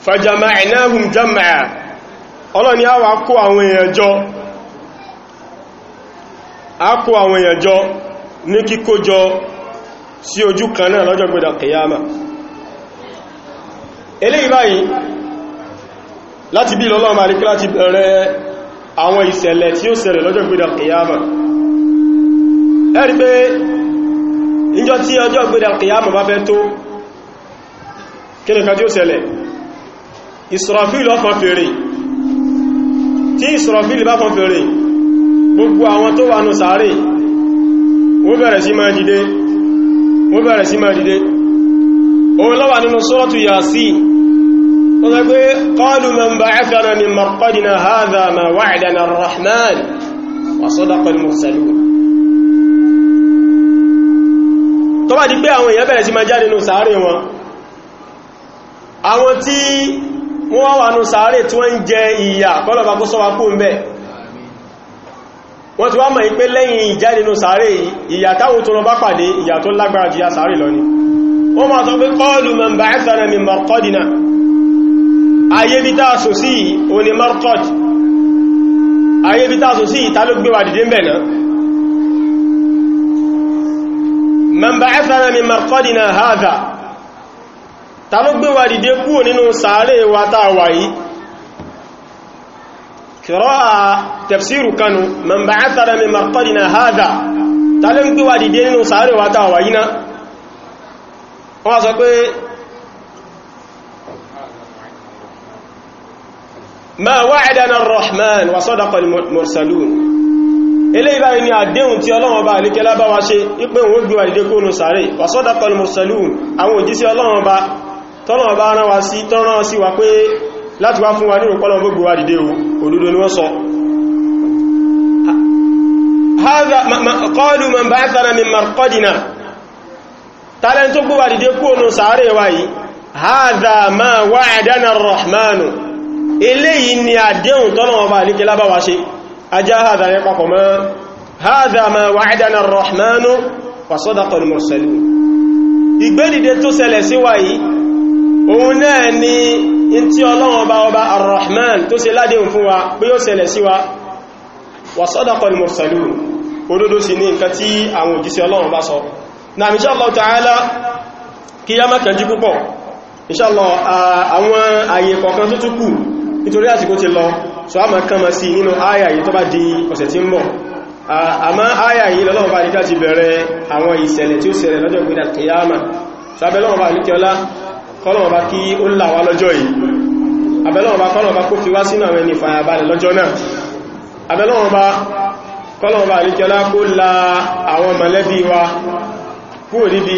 fàjàmáìnáhùn jama'a ọlọ́run ní a wá kó àwọn èèyàn jọ a kó àwọn èèyàn ní kíkójọ sí ojú kan náà lọ́jọ́ gbẹ̀dọ̀ kìyàmà eléyìí báyìí láti bí lọ́lọ́ ma rí kí láti bẹ̀rẹ̀ àwọn ìṣẹ̀lẹ̀ tí ó ṣẹlẹ̀ lọ́jọ́ gbẹ̀dọ̀ kìyàmà ẹ̀rí pé ìjọ tí ọjọ́ gbẹ̀dọ̀ kìyàmà bá fẹ́ tó kí nìkan tí ó ṣẹlẹ̀ Israfil ó fọn fèrè tí Israfil bá fọn fèrè gbogbo àwọn tó wà nù sàárè wọ́n bẹ̀rẹ̀ sí máa dìde ó bẹ̀rẹ̀ sí máa dìde òun lọ́wà nínú suratu Yasin ó sọ pé qalu man ba'athana min maqadina hadha ma wa'adana ar-rahman wa sadaqa al-mursalun tó bá di pé àwọn èèyàn bẹ̀rẹ̀ sí máa jáde nínú sàárè wọn àwọn tí wọ́n ti wá mọ̀ ipé lẹ́yìn ìjẹ́ nínú sàárè ìyà táwọn tó rán bá pàdé ìyà tó lágbára jìyà sàárè lọ ni ó máa sọ pé qalu man ba'athana min marqadina ayébítà sò sí òní marqad ayébítà sò sí ìtàlógbéwà dìde mẹ́ náà man ba'athana min marqadina hadha tàlógbéwà dìde kúrò nínú sàárè wa táà wà yìí kìrọ́à tafsiru kanu man ba'athana min marqadina hadha tàbí ń gbíwà dìde nínú sàárè wata wà yína wọ́n sọ pé ma wa'adana ar-rahman wa sadaqa al-mursalun ilé ìbáyé ni àdéhùn tí Ọlọ́run bá alékẹ́lá bá wá ṣe ipé òun gbíwà láti wá fún wa ní ìrọ̀pọ̀lọ̀ gbogbo wa dìde òdodo ni wọ́n sọ qalu man ba'athana min marqadina tààrẹ tó gbogbo wa dìde kú ònà sàárè wa yìí hadha ma wa'adana ar-rahmanu eléyìí ni àdéhùn tọ́nà ọba àríkẹ́ lábáwá ṣe ajá hadha yẹ papọ̀ mọ́ hadha ma wa'adana ar-rahmanu wa sadaqa tó ṣẹlẹ̀ sí wa yìí òun náà ni in tí ọlọ́run ọba ọba arrahman tó ṣe ládéhùn fún wa pé yóò ṣẹlẹ̀ sí wa wa sadaqal mursalun òdodo sì ní nǹkan tí àwọn òjíṣẹ́ ọlọ́run bá sọ na insha Allah ta'ala kí yá mọ́kànjú púpọ̀ insha Allah àwọn àyè kọ̀ọ̀kan tó túkù nítorí àsìkò ti lọ so a ma kán ma sí nínú àyà yìí tó bá di ọ̀sẹ̀ tí ń bọ̀ àmọ́ àyà yìí lọ́lọ́wọ́ bá nígbà ti bẹ̀rẹ̀ àwọn ìṣẹ̀lẹ̀ tí ó ṣẹlẹ̀ lọ́jọ́ ìgbìdà kìyàmà sábẹ́lọ́wọ́ bá níkẹ́ ọlá kọ́lọ̀wọ̀n bá kí ó là wá lọ́jọ́ yìí abẹ́lọ́wọ̀n bá kọ́lọ̀wọ̀n bá kó fi wá sínú àwọn ẹni fàyàbalẹ̀ lọ́jọ́ náà abẹ́lọ́wọ̀n bá kọ́lọ̀wọ̀n bá àríkẹ́lá kó la àwọn mọ̀lẹ́bí wa kúrò níbi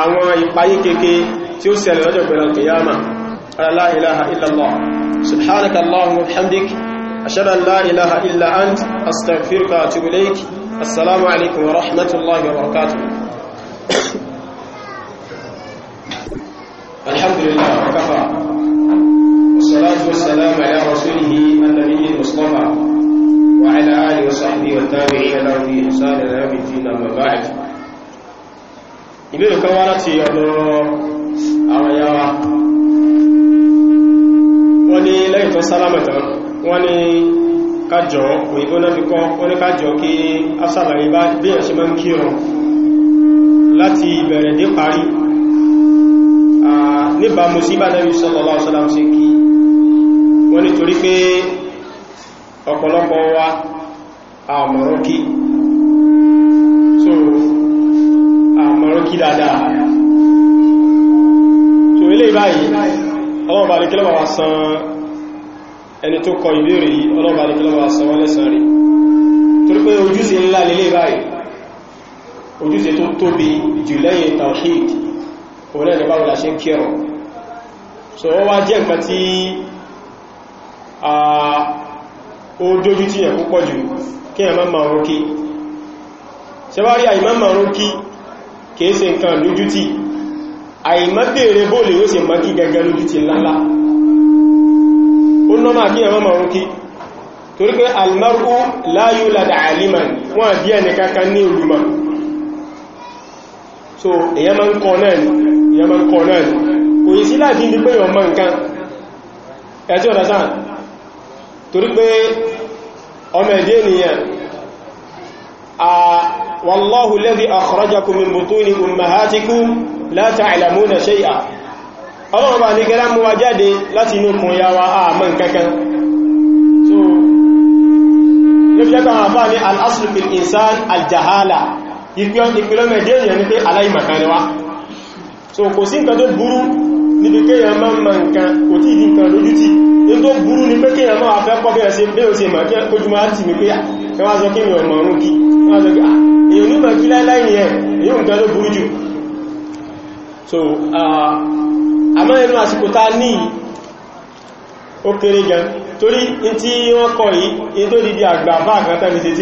àwọn ìpayé keke tí ó ṣẹlẹ̀ lọ́jọ́ pẹ̀lú الحمد لله وكفى والصلاة والسلام على رسوله النبي المصطفى وعلى آله وصحبه والتابعين له بإحسان بعد ìbéèrè kan wá láti ọ̀dọ̀ àwọn ya wa wọ́n ní lẹ́yìn tó sálámẹ̀tàn wọ́n ní kájọ òyìnbó náà fi kọ́ láti ìbẹ̀rẹ̀ dé parí níbà mú sí ìbánẹ́bí sallallahu alaihi wasallam sí kí wọ́n ni torí pé ọ̀pọ̀lọpọ̀ wa àmọ̀rọ́kí so àmọ̀rọ́kí dáadáa so ilé ìbáyìí ọlọ́ọ̀bà ní kílọ́bà wa san ẹni tó kọ ìbéèrè yìí ọlọ́ọ̀bà ní kílọ́bà wa san wọ́n lẹ́sàn rí torí pé ojúṣe ńlá lélé ìbáyìí ojúṣe tó tóbi jù lẹ́yìn tawhid òun náà ní báwo la ṣe ń kírun so ó wá jẹ́ nǹkan tí a ó dójú tí yẹn púpọ̀ jù kí yẹn máa rún kí ṣe wá rí àìmọ́mà rún kí kìí ṣe nǹkan lójú tí àìmọ́bèèrè bóòlè ó sì mọ́ kí gẹ́gẹ́ lójú tí lálá ó nọ́mà kí yẹn máa rún kí torí pé almaru láyú ládà àlímà wọ́n àbí ẹni kankan ní olùmọ̀ so èyàn máa ń kọ náà ni kò yí sí láti ní pé ọmọ nǹkan ẹ̀tí ọ̀dásán torí pé ọmọ ẹ̀dẹ́ ènìyàn a wallahu alladhi akhrajakum min butuni ummahatikum la ta'lamuna shay'a ọlọ́run bá ní gẹ́lá mú wa jáde láti inú kùn ya wa àmọ́ nǹkankan so ní fi jẹ́kọ̀ àfáà ní al-aslu fil insan al-jahala ìpìlọ́mẹ̀dẹ́ ènìyàn ní pé aláìmọ̀kan ni so kò sí nǹkan tó burú níbi kéèyàn máa ń ma nǹkan kò tí ìdí nǹkan lójú tí ní tó burú ni pé kéèyàn máa fẹ́ kọ́ bẹ́ẹ̀ ṣe bẹ́ẹ̀ ṣe máa kójú máa tì mí pé ah, ẹ wá sọ kí mi ọmọ ọrún kí wọ́n sọ ah, kí èyàn ní màá kí láíláì ni ẹ̀ èyí nǹkan ló burú jù so àmọ́ ẹnu àsìkò tá ní ó kéré gan torí in tí wọ́n kọ yìí in tó dìdí àgbà bá àkàtà fi ṣe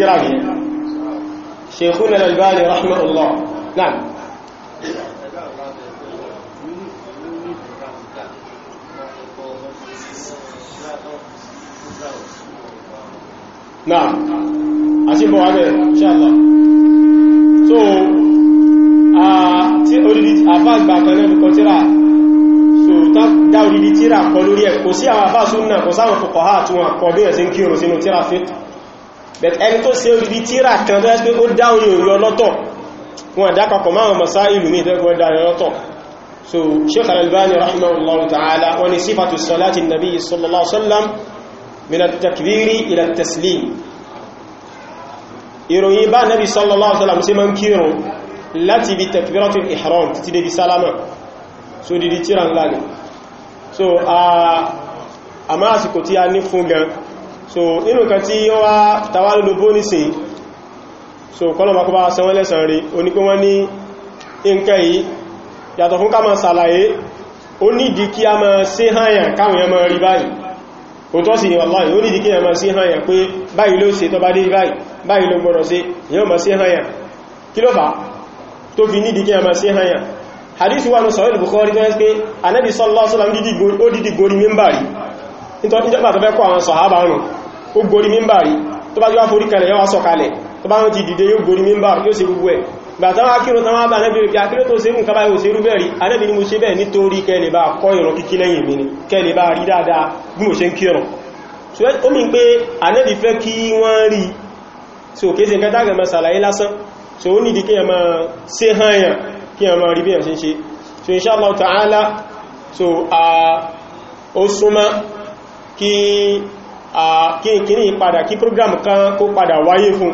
náà àṣíbọ̀ wà bẹ̀rẹ̀ ṣáàlá so tí orílẹ̀ àfáàgbà kan náà kọ tíra so tá dá orílẹ̀ tíra kọ lórí ẹ̀ kò sí àwọn àfáà súnnà kò sáwọn fòkọ̀ ha tí wọ́n kọ bí ẹ̀ sí ń kírùn sínú tíra fit but ẹni tó ṣe orílẹ̀ tíra kan tó ẹ́ pé ó dá orin òyìn ọlọ́tọ̀ wọn àdákọ̀kọ̀ máwọn masá ìlú so sheikh al-albani rahimahullahu ta'ala wani sifatu salati nabi sallallahu alaihi wasallam min at-takbiri ila at-taslim ìròyìn bá nabi sallallahu alaihi wasallam ṣe man kírun láti bi takbiratul ihram títí dé bi salama so di di tiran lani so a ama àsìkò tí a ní fún gan so inú kan tí ó wá tawalo bo nisin so kọlọ̀mọ́kọ́ bá sanwọ́lẹ́sàn rí oníkọ́ wọ́n ní nǹkan yìí yàtọ̀ fún ká máa sàlàyé ó nídi kí a máa sí hàyàn káwọn yẹn máa rí báyìí ó tọ́ sí wallahi ó nídi kí a máa sí hàyàn pé báyìí ló ṣe tó bá dé báyìí báyìí ló gbọ́dọ̀ ṣe yóò máa sí hàyàn kí ló fà tó fi nídi kí a máa sí hàyàn hadith wà ní sọ̀rọ̀ Bukhari tó yẹ́ pé Ànábì sallallahu alaihi wasallam dídí gorí mímbàrí nítorí nígbà gbàtàwà kírò tàwà bá anẹ́bìrì pé akírò tó ṣe mú kaba ihò ṣe rúbẹ̀rí anẹ́bì ni mo ṣe bẹ́ẹ̀ nítorí kẹ́lẹ̀ bá kọ́ ìrọ̀ kíkí lẹ́yìn mi ni kẹ́lẹ̀ bá rí dáadáa bí mo ṣe ń kírọ̀ so ó mi pé anẹ́bì fẹ́ kí wọ́n rí so kéèsì kẹtàgẹ̀ mọ́ sàlàyé lásán so kí ẹ a ó súnmọ́ kí kí padà kí program kan kó padà wáyé fún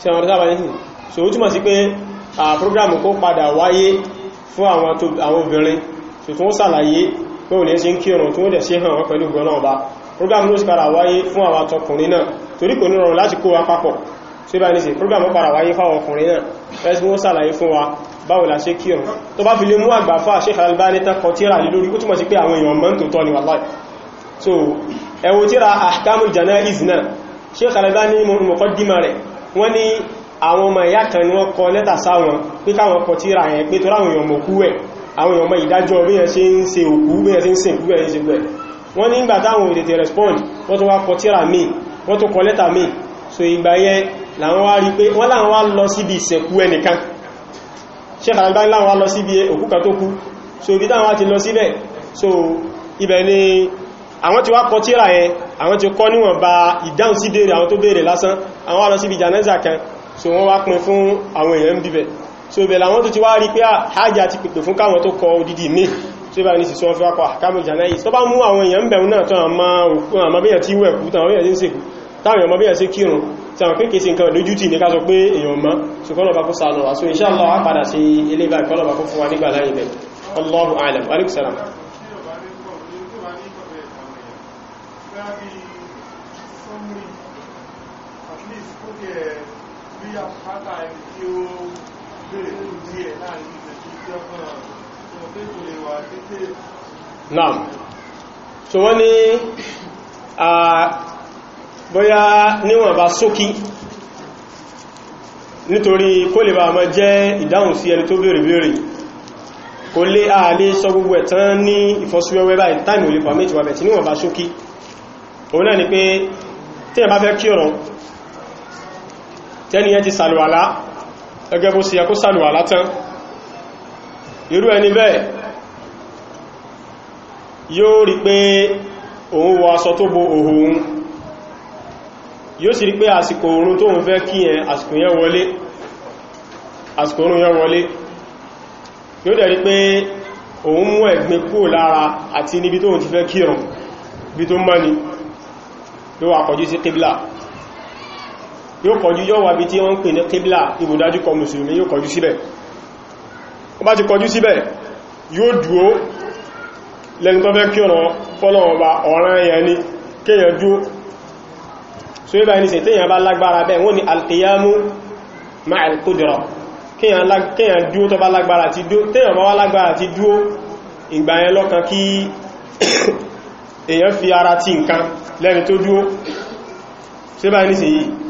sí àwọn ọ̀dọ́sáwà ní sìn so ó túnmọ̀ sí pé à program kó padà wáyé fún àwọn obìnrin so tún ó sàlàyé pé òní ṣe ń kírun tún ó dẹ̀ ṣe hàn wọ́n pẹ̀lú gbọ́nà ọba program ló sì padà wáyé fún àwọn atọkùnrin náà torí kò ní rọrùn láti kó wa papọ̀ tí ó bá ní sí program ó padà wáyé fáwọn ọkùnrin náà ẹ tí wọ́n so ẹwọ tíra Ahkamul Jana'iz náà Sheikh Al-Albani mọ̀kọ́dímà wọ́n ní àwọn ọmọ ìyá kan ni wọ́n kọ lẹ́tà sáwọn pé káwọn kọ tíra yẹn pé tó láwọn èèyàn mọ̀kú ẹ̀ àwọn èèyàn mọ̀ ìdájọ́ bí yẹn ṣe ń ṣe òkú bí yẹn ṣe ń sìn kú ẹ̀ ṣe gbẹ̀ wọ́n ní ìgbà táwọn ò tètè respond wọ́n tó wá kọ tíra míì wọ́n tó kọ lẹ́tà míì so ìgbà yẹn làwọn wá rí pé wọ́n láwọn wá lọ síbi ìsẹ̀kú ẹnìkan ṣe kàràgbá láwọn wá lọ síbi òkú kan tó kú so ibi táwọn wá ti lọ síbẹ̀ so ibẹ̀ ni àwọn tí wá kọ tíra yẹn àwọn tí kọ níwọ̀n bá ìdáhùn sí béèrè àwọn tó béèrè lásán àwọn àlọ́ síbi jànáza kan so wọ́n wá pín fún àwọn èèyàn bíbẹ̀ so bẹ̀rẹ̀ àwọn tó ti wá rí pé àhájá ah, ti pèpè fún káwọn tó kọ odidi mi tí bá ní sí sọ́fẹ́ àpá àkámù ah, jànáyì tó bá mú àwọn èèyàn bẹ̀rún náà tó àmà bíyàn tí wẹ̀kú táwọn èèyàn sí táwọn èèyàn bíyàn sí kírun tí àwọn pínkèsí nǹkan lójú tí ní ká sọ pé èèyàn mọ́ ṣùkọ́nà bá kó sàánà wà so inshallah àpàdà sí ilé bá ìkọ́nà bá kó fún wa nígbà láyé bẹ̀ Allahu a'lam díẹ̀ bí àpáta ẹni tí ó bèèrè fún díẹ̀ láàrin ìgbẹ̀jú tí ọkàn tó pé kò lè wà títè. Naam. So wọ́n ní bóyá níwọ̀n bá sókí nítorí kó lè bá mọ́ jẹ́ ìdáhùn sí ẹni tó bèèrè bèèrè kò lè sọ gbogbo ẹ̀tán ní ìfọ́síwẹ́wẹ́ báyìí táìmì olè níwọ̀n bá sókí òun náà ni pé tí ẹ bá fẹ́ kí ọ̀rọ̀ tẹ́ni yẹn ti sàlùwàlá ẹgẹ́ bó sì yẹ kó sàlùwàlá tán irú ẹni bẹ́ẹ̀ yóò rí pé òun wọ aṣọ tó bo òhun yóò sì rí pé àsìkò oorun tó ń fẹ́ kí yẹn àsìkò yẹn wọlé àsìkò oorun yẹn wọlé yóò dẹ̀ rí pé òun mú ẹ̀gbin kúrò lára àti níbi tó ń ti fẹ́ kírun bí tó mọ́ ni yóò àkọjú sí kíblà yóò kọjú yóò wà bí tí wọ́n ń pè ní kíblà ibùdájú kọ mùsùlùmí yóò kọjú síbẹ̀ ó bá ti kọjú síbẹ̀ yóò dúó lẹ́nu tó fẹ́ kí ọ̀nà fọ́nà ọba ọ̀ràn ẹ̀yàn ni kéèyàn dúó so ibà ní sẹ̀ téèyàn bá lágbára bẹ́ẹ̀ wọ́n ni alqiyamu ma'al qudra kéèyàn dúó tó kí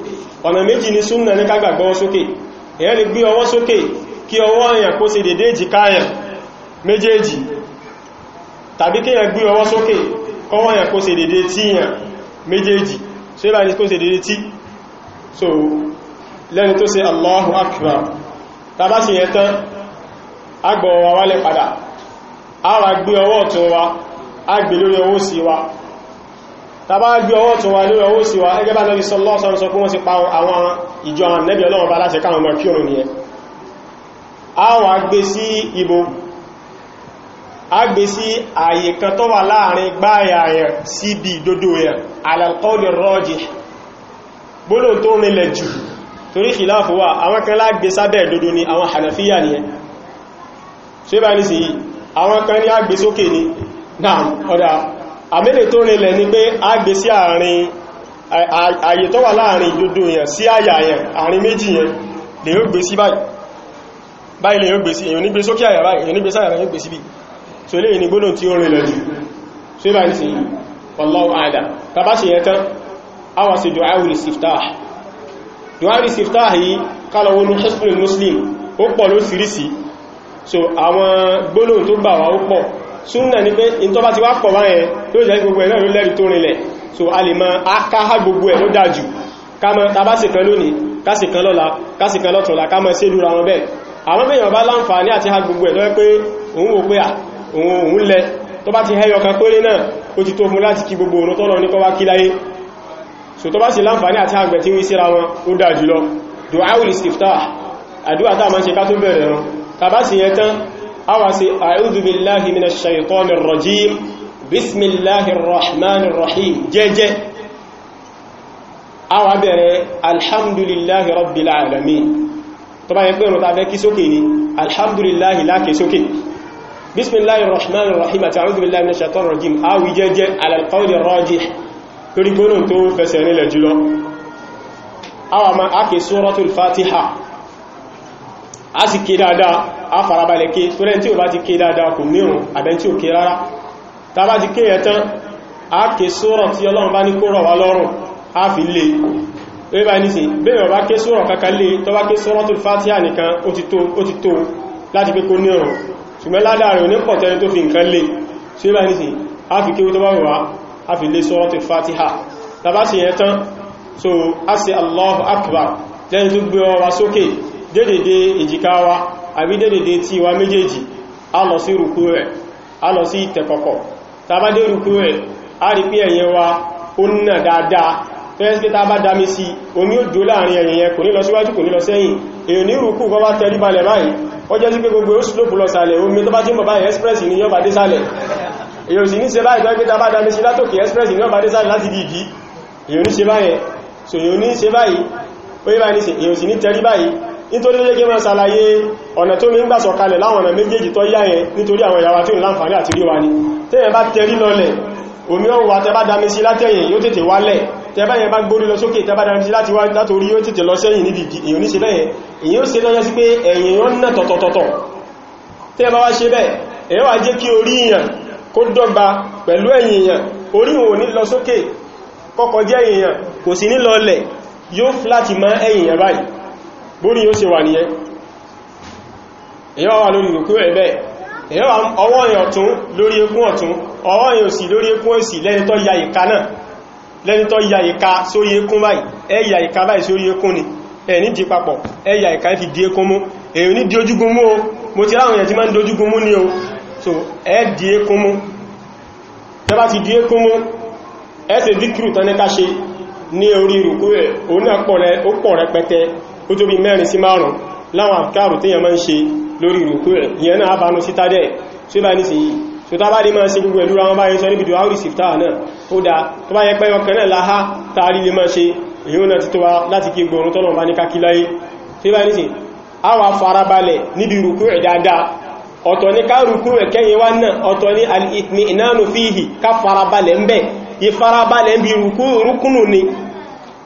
ọ̀nà méjì ni súnnà ní kágbàgbọ́ sókè èyàn lè gbé ọwọ́ sókè kí ọwọ́ èyàn kó ṣe dédé èjìkáyàn méjèèjì tàbí kíyàn gbé ọwọ́ sókè kọwọ́ èyàn kó ṣe dédé so yíba ní tí so lẹ́ni Allahu Akbar tàbá sì yẹn tán agbọ̀ wa wálẹ̀ padà a wa a gbé tàbá gbé ọwọ́ tún wà lórí ọwọ́ sí wa ẹgẹ́ bá lọ́rí sọlọ́sọ́rọ̀ sọ pé wọ́n sì pa àwọn ìjọ ànẹ́bì ọlọ́run bá láti káwọn mọ̀ kírùn ní ẹ àwọn agbé sí ibo agbé sí ààyè kan tó wà láàrin gbáyà yẹn sí bí dodo yẹn alàkọ́ọ̀lì rọ́ọ̀jì gbólò tó rinlẹ̀ jù torí ìlàfò wà ni àwọn hànàfíyà ni ẹ ṣé bá ní sí yìí àmìlè tó rinlẹ̀ ni pé a gbé sí àárín ààyè tó wà láàrin ìdodo yẹn sí àyà yẹn àárín méjì yẹn lè yóò gbé sí báyìí báyìí lè yóò gbé sí èyàn nígbé sókè àyà báyìí èyàn nígbé sáyà yóò gbé sí bí so eléyìí ni gbónà tí ó rinlẹ̀ jù so ibà ní sí wallahu a'lam tàbá sí yẹn tán a wà sí du'awul istiftah muslim ó pọ̀ lóṣìírísìí so àwọn gbónà tó gbà wá súnnà ní pé in tó bá ti wá pọ̀ báyẹn tó jẹ́ gbogbo ẹ̀ náà tó rinlẹ̀ so a lè máa akáhá gbogbo ẹ̀ ló dájú ká sì kan lónìí ká sì kan lọ́la ká sì kan lọ́tọ̀ọ̀la ká mọ́ sí ìlú àwọn bẹ́ẹ̀ àwọn bẹ́yàn bá láǹfààní àti ha gbogbo ẹ̀ lọ́wẹ́ pé pé òun so tó bá sì láǹfààní àti àgbẹ̀ tí wí síra wọn ó dájú lọ du'a ul istiftah àdúrà awasi a'udhu billahi minash shaitanir rajim bismillahir rahmanir rahim jẹ́jẹ́ awa bẹ̀rẹ̀ alhamdulillahi rabbil alamin tó bá yẹ pé ìrùta bẹ́ kí sókè ní alhamdulillahi láàkè sókè bismillahir rahmanir rahim àti a'udhu billahi minash shaitanir rajim awi jẹ́jẹ́ ala alqawli rajih torí gbónà tó fẹsẹ̀ nílẹ̀ jùlọ awa ma ake suratul fatiha a sì ké dáadáa a farabalẹ̀ ké torí tí o bá ti ké dáadáa kò nírun àbẹ́ tí o ké rárá ta bá ti ké yẹ tán a ké sórọ̀ tí ọlọ́run bá ní kó rọ̀ wá lọ́rùn a fi lè ríbá nísìn bẹ́ẹ̀ ọba ké sórọ̀ kankan lè e, tó bá ké sórọ̀ tó fátíà nìkan ó ti tó dédèdé ìjìkáwá àbí dédèdé tí wa méjèèjì a lọ sí rùkú rẹ̀ a lọ sí ìtẹ̀kọ̀kọ̀ tàbá dé rùkú rẹ̀ a rí pé ẹ̀yẹ wa ó nà dáadáa fẹ́ẹ́sì tá bá dámi sí omi ó dó láàrin ẹ̀yìn yẹn kò ní lọ síwájú kò ní lọ sẹ́yìn èyàn ní rùkú kọ́ bá tẹrí balẹ̀ báyìí ó jẹ́ sí pé gbogbo ó express ní yọba dé sàlẹ̀ èyàn sì ní ṣe báyìí tó tá bá dámi sí látòkè express ní yọba dé sàlẹ̀ láti di ìdí èyàn ní nítorí ló jẹ́gẹ́ máa ṣàlàyé ọ̀nà tó mẹ́gbà sọ̀kalẹ̀ láwọn ọ̀nà méjèèjì tó yá yẹn nítorí àwọn ìyàwó tí ó láǹfààní àti ríwa ni tẹ́yẹ̀ bá tẹrí lọlẹ̀ omi ó wà tẹ́bá dami sí látẹ̀yìn yóò tètè wálẹ̀ tẹ́bá yẹn bá gbórí lọ sókè tẹ́bá dami sí láti wá látòrí yóò tètè lọ sẹ́yìn níbi èyàn ní ṣe bẹ́ẹ̀ èyàn ṣe lọ́yẹ́ sí pé ẹ̀yìn yóò nà tọ̀tọ̀tọ̀tọ̀ tẹ́bá wá ṣe fláti mọ́ ẹ̀yìn èyàn bóní yóò ṣe wà ní ẹ èyàn wà lórí ìrùkú ẹ̀ bẹ́ẹ̀ èyàn wà ọwọ́ yẹn ọ̀tún lórí ekún ọ̀tún ọwọ́ yẹn òsì lórí ekún òsì lẹ́ni tó ya ìka náà lẹ́ni tó ya ìka sórí ekún báyìí ẹ ya ìka báyìí sórí ekún ni ẹ ní di papọ̀ ẹ ya ìka fi di ekún mú èyàn ní di ojúgun mú o mo ti ráwọn yẹn ti ni o so ẹ di ekún mú tẹ bá ti ẹ̀ ó tó bí mẹ́rin sí márùn láwọn àkàrù tí yẹn máa ń ṣe lórí ìrùkú rẹ̀ yẹn náà bá nú sí tádẹ̀ tí ó bá ní sí yìí tó tá bá dé máa ṣe gbogbo ẹ̀lú àwọn báyẹn sọ níbi duwáwì síftà náà ó dá tó bá yẹ pé ọkàn náà láhá tààrí lè máa ṣe èyí náà ti tó láti kí gbòrún tọ́nà bá ní kákíláyé tí ó bá ní sí àwa farabalẹ̀ níbi ìrùkú rẹ̀ dáadáa ọ̀tọ̀ ní ká rùkú rẹ̀ kẹ́yìn wá náà ọ̀tọ̀ ní al-itmi'nanu ká farabalẹ̀ ń bẹ̀ ìfarabalẹ̀ ń bi rùkú rúkúnù ni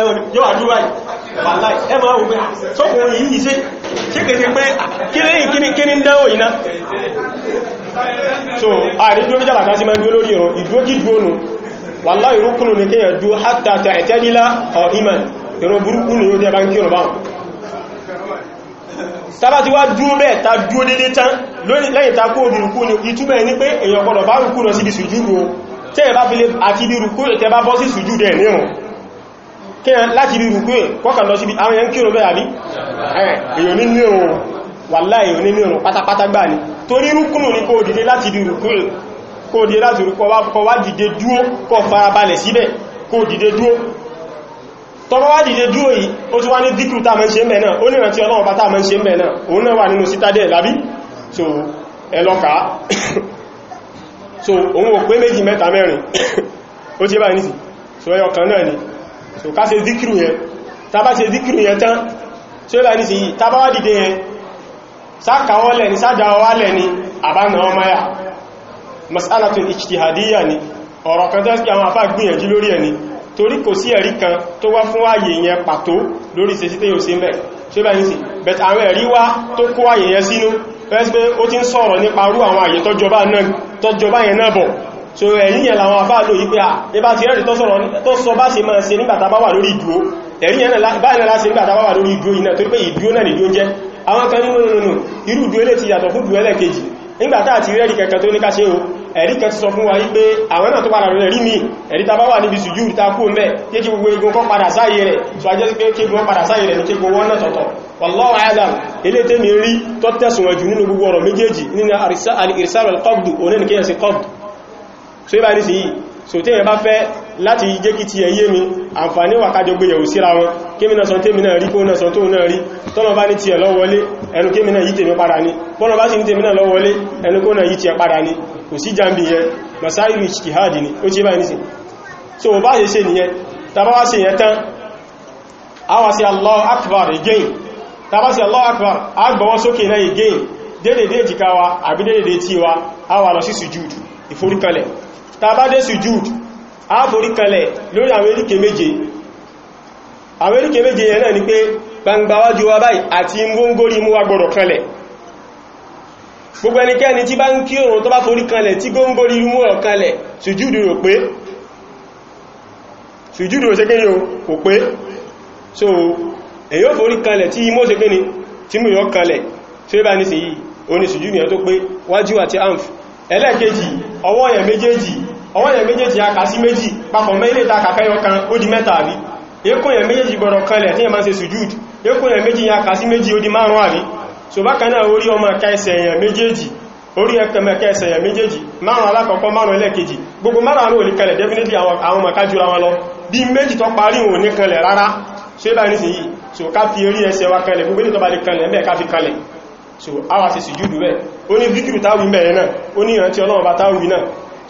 ẹwọ̀n yóò àdúrà wàláì ẹmọ ògbẹ́ sọ́kùnrin yìí ṣe ṣíkèsí pé kílẹ̀yìn kíní kíní dáwò iná so àrí dúró méjàlá kan sí mẹ́ dúró lórí ìrùn ìdúró kí dúró nù wàláì rúkúnù ní kíyàn dúró hátàtà ẹ̀tẹ́lílá ọ̀ ìmẹ̀ ìrùn burúkú ni ó dẹ́ bá ń kírùn báwọn tàbá ti wá dúró bẹ́ẹ̀ ta dúró dédé tán lẹ́yìn ta kó òdìrùkú ni ìtúbẹ̀ ní pé èèyàn gbọ́dọ̀ bá rùkú lọ sí ibi sùjúdù tẹ́ẹ̀ bá fi lè àti ibi rùkú ìtẹ́ bá bọ́ sí sùjúdù ẹ̀ níhùn láti rí rùkú ẹ̀ kọ́kàn lọ síbi àwọn yẹn kí òun bẹ́ àbí èyàn ní nírùn wàláhì èyàn ní nírùn pátápátá gbà ní torí rúkúnù ní kó dìde láti rí rùkú ẹ̀ kó dìde láti rùkú ọwá wá dìde dúó kó farabalẹ̀ síbẹ̀ kó dìde dúó tọrọ wá dìde dúó yìí ó tún wá ní díkù tá so ẹlọ́ka so òun ò pé méjì mẹ́ta mẹ́rin ó ti bá ní sí so ẹyọ kan náà ni so ká ṣe díkìrù yẹn tàbá ṣe díkìrù yẹn tán tí ó bá ní sí yìí tàbá wá dìde yẹn sákàwọ́ lẹ́ni sájáwọ́ lẹ́ni àbánà ọmọya masalatun ijtihadiyya ni ọ̀rọ̀ kan tẹ́sí àwọn àfá gbìyànjú lórí ẹni torí kò sí ẹ̀rí kan tó wá fún ààyè yẹn pàtó lórí ṣe sí tẹ́yò sí mẹ́ tí ó bá ní sí bẹ̀t àwọn ẹ̀rí wá tó kó ààyè yẹn sínú fẹ́ sí pé so ẹ̀yìn yẹn làwọn afá lò yí pé à ẹbá ti rẹ̀ tó sọ bá ṣe máa ṣe nígbàtà bá wà lórí ìdúó ẹ̀yìn yẹn báyìí láti nígbàtà bá wà lórí ìdúó iná torí pé ìdúó náà nìdúó jẹ́ àwọn kan nínú nínú irú ìdúó lè ti yàtọ̀ fún ìdúó ẹlẹ́kejì nígbàtà àti rẹ́rì kẹkẹ tó ní ká ṣe o ẹ̀rí kẹta mi ẹ̀rí ta bá wà níbi sùjú ìta kú mẹ́ kí kí gbogbo egun kan padà sáyé rẹ̀ tó ajẹ́ sí pé kí gbogbo padà sáyé rẹ̀ ní kí gbogbo wọ́n náà tọ̀tọ̀ wallahu a'lam ilé tẹ́mi rí tó tẹ̀sùn ẹ̀jù nínú gbogbo ọ̀rọ̀ méjèèjì nínú al-irsal wal-qabd so ibá ní sí yìí so tí èyàn bá fẹ́ láti jẹ́ kí ti ẹ̀yẹ́ mi àǹfààní wà kájọ gbé yẹ̀wò síra wọn kémi náà sọ tèmi náà rí kó náà sọ tóun náà rí tọ́nà bá ní ti ẹ̀ lọ́wọlé ẹnu kémi náà yí tèmi padà ní bọ́nà bá sì ní tèmi náà lọ́wọlé ẹnu kó náà yí ti ẹ̀ padà ní kò sí jambi yẹn masáìlú ìṣkìháàdì ni ó tí bá ní Akbar again tàbá sí Akbar a gbọ́wọ́ sókè náà again dédédé jìkáwa àbí dédédé tíwa a wà lọ sí sùjúdù ìforíkalẹ̀ tàbádé sujúd àforí kanlẹ̀ lórí àwọn eríkè méje àwọn eríkè méje yẹn náà ni pé gbangba wájú wa báyìí àti ngóngórí mú wa gbọ́dọ̀ kanlẹ̀ gbogbo ẹnikẹ́ni tí bá ń kí òrùn tó bá forí kanlẹ̀ tí góngórí mú ọ̀ kanlẹ̀ sujúdù so èyí ò forí kanlẹ̀ tí imó sékéni tí mú yọ kanlẹ̀ tí ó bá ní sí yìí ó ní sujúdù yẹn tó pé ẹlẹ́ẹ̀kejì ọwọ́ yẹn méjèèjì ọwọ́ yẹn méjèèjì a kà sí méjì papọ̀ mẹ́lẹ̀ ta kàkẹ́ ọkan ó di mẹ́ta àbí eékún yẹn méjèèjì gbọ́dọ̀ kanlẹ̀ tí yẹn máa ṣe sujúd eékún yẹn méjì yẹn kà sí méjì ó di márùn àbí so bákan náà orí ọmọ kẹsẹ̀ yẹn méjèèjì orí ẹkẹmẹkẹ ẹsẹ̀ yẹn méjèèjì márùn alákọ̀ọ́kọ́ márùn ẹlẹ́kejì definitely àwọn mọ̀ká jùra wọn lọ bí méjì tó parí òun so ibà ní sí yìí so ká fi orí ẹsẹ̀ wa kanlẹ̀ gbogbo tó lè kanlẹ̀ mẹ́ ká fi kanlẹ̀ so a wá sí sí jùdú bẹ́ẹ̀ ó ní fíkìrù táwí mẹ́rin náà ó ní ìrántí ọlọ́run bá táwí náà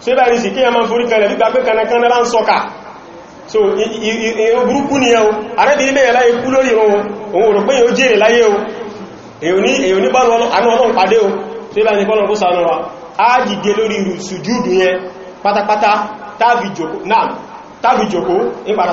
so ibà ní sí kí a máa forí kalẹ̀ nígbà pé kanakaná bá ń sọ́kà so ìrìn burúkú ni ẹ̀hùn o bẹ̀rẹ̀ láyé kú lórí ohun òun o yóò jèrè láyé o èyàn ní bọ́ọ̀lù àánú o so ibà ní kọ́lọ̀ kó sànú wa á dìde lórí sùjúdù yẹn pátápátá tábì jòkó náà tábì jòkó ní padà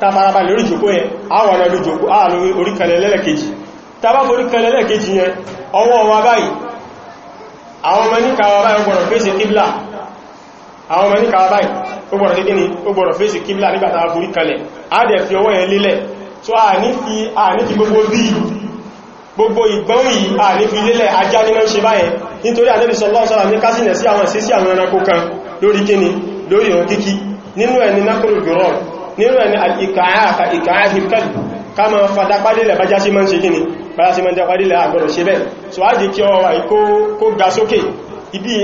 tàbàràbà lórí jòkó yẹn àwọn ọ̀nà jòkó ààrùn oríkẹlẹ̀ lẹ́lẹ̀kejì tàbá oríkẹlẹ̀ lẹ́lẹ̀kejì yẹn ọwọ́ wa báyìí àwọn ọmọ ní kàwà báyìí ọgbọ̀rọ̀ fèsì kíblà àwọn ọmọ ní kàwà báyìí ọgbọ̀rọ̀ sí kíni ọgbọ̀rọ̀ fèsì kíblà nígbàtà oríkẹlẹ̀ á dẹ̀ fi ọwọ́ yẹn lélẹ̀ tó à ní fi à ní fi gbogbo bí gbogbo ìgbọ́n yìí à ní fi lélẹ̀ ajá ní mọ́ ṣe báyẹn nítorí lórí kíni lórí ìrun kíkí nínú ẹni nákòrò jùrọ̀ nínú ẹni ìkàáyà ìkàáyà hìkẹ́lì ká ma fada pádílẹ̀ bá jásí mọ́ ṣe kí ni bá jásí mọ́ pádílẹ̀ àgbọ̀rọ̀ ṣe bẹ́ẹ̀ so á jẹ́ kí ọwà kó ga sókè ibi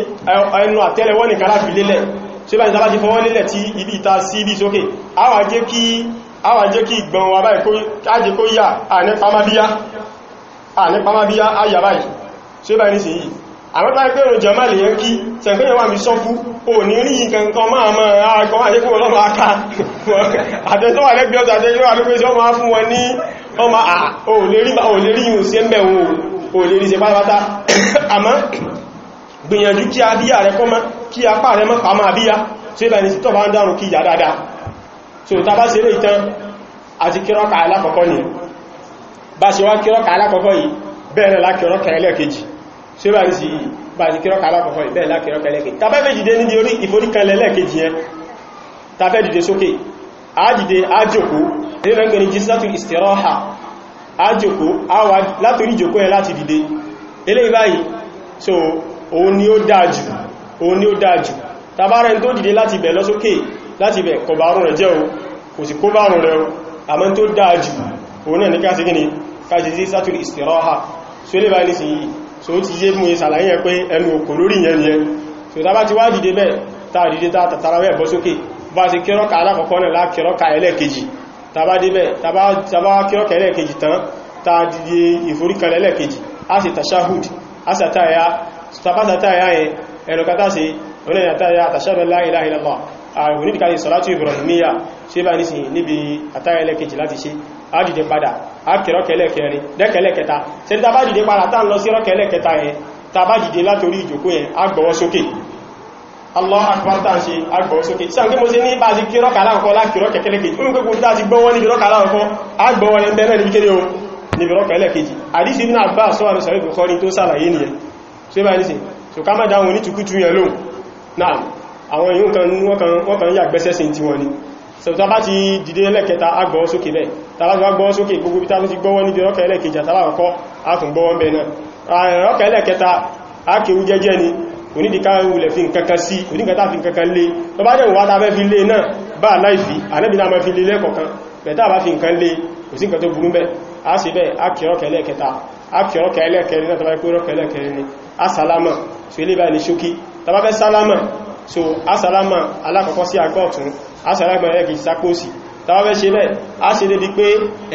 ẹnu àtẹ́lẹwọ́ nìkan láti lélẹ̀ ṣe bá ìta bá ti fọwọ́ lélẹ̀ tí ibi ìta sí ibi sókè á wá jẹ́ kí á wá jẹ́ kí ìgbọ̀n wa báyìí á jẹ́ kó yà á ní pàmábíyá á yà báyìí àmọ́ta pé òun jẹ́ máa lè yẹn kí sẹ̀kúnyẹ̀ wà mí sọ́fú o ní rí nǹkan máa mọ́ àgbọ́n àjẹ́kù ọlọ́mọ aká àtẹ́sọ́wà lẹ́gbẹ̀ẹ́ ọ̀tọ̀ àtẹ́sọ́wà ló pé sí ọmọ fún wọn ní ọmọ òlérí yìí sí ẹ̀mẹ̀ òlérí se pátápátá àmọ́ gbìyànjú kí a bí ààrẹ kọ́mọ́ kí a pààrẹ mọ́ pàmọ́ àbíyá tí ó bẹni tọ́bá ń dárùn kí ìyà dáadáa so ta bá ṣe lè tán àti kírọ́kà alákọ̀ọ́kọ́ bẹ́ẹ̀rẹ̀ lákírọ́kà ẹlẹ́ẹ̀kejì ṣe bá ìsì bá ti kírọ́kà alákọ̀ọ́kọ́ ìbẹ́ lákírọ́kà ẹlẹ́kẹ̀ tàbẹ́ fẹ́ dìde níbi orí ìforíkanlẹ̀ lẹ́ẹ̀kejì yẹn tàbẹ́ dìde sókè ájìde ájòkó ẹgbẹ́ ní jísàtù ìstìrọ́hà ájòkó àwà látorí jòkó ẹ láti dìde eléyìí báyìí so òun ni ó dájú òun ni ó dájú tàbára ẹni tó dìde láti bẹ̀ lọ sókè láti bẹ̀ kọbarún rẹ̀ jẹ́ o kò sì kó bárún rẹ̀ o àmọ́ tó dájú òun so ti ye mu isala yen pe enu ko lori yen so ta ba ti wa dide ta dide ta ta tara be bo soke ba se kero ka ala la kero ka ele keji ta ba dide ta ba ta ba kero ka ele keji tan ta dide ifori ka ele keji a se tashahud a ta ya ta ba ta ya e ero kata se ya ta la ilaha ààrùn onídìkáyè sọ́látù Ibrahimiyya ṣe bá nísìn níbi àtàrẹlẹ́kejì láti ṣe á dìde padà á kẹrọkẹlẹ́kẹrin dẹ́kẹlẹ́kẹta ṣe ta bá dìde padà tá ń lọ sí rọ́kẹlẹ́kẹta yẹn ta bá dìde látorí ìjòkó yẹn á gbọ́wọ́ sókè Allah akbar tá ń ṣe á gbọ́wọ́ sókè sáà kí mo ṣe ní bá ti kírọ́kà láǹkọ́ lákìrọ́kẹ̀kẹ́lẹ́kejì ó ń pé kò tá ti gbọ́wọ́ níbi rọ́kà láǹkọ́ á gbọ́wọ́ lẹ́ bẹ́ẹ̀ níbi kéde o níbi rọ́kà lẹ́kejì àdísì ní àbá sọ́wọ́n sọ̀rọ̀ ìbùkọ́rin tó sàlàyé nìyẹn ṣe bá ní sí so ká má dáhùn ní tukutu yẹn lóhùn náà àwọn èyàn kan wọ́n kan yàgbẹ́sẹ̀ sí tí wọ́n ni sọ̀tọ́ bá ti dìde ẹlẹ́kẹta agbọ́ sókè bẹ́ tàbátà gbọ́ sókè gbogbo bí tàbí ti gbọ́wọ́ níbi rọ́kẹ̀ ẹlẹ́kẹjà tàbátàkọ́ ni onídìká wulẹ̀ fi nkankan sí onígbàtà fi nkankan lé tó bá jẹ́ ìwà tàbẹ́ fi lé náà bá láìfì ànẹ́bìnà ma fi lé lẹ́kọ̀ọ̀kan bẹ̀tà bá fi nkan lé kò sí nkan a sì bẹ́ akìrọ́kẹ̀ ẹlẹ́kẹta akìrọ́kẹ̀ ẹlẹ́kẹrin náà sálámà so asalama alákọ̀ọ́kọ́ sí agbọ́ ọ̀tún asalama ẹ̀kì sápòsì tàbí ṣe bẹ́ a ṣe débi pé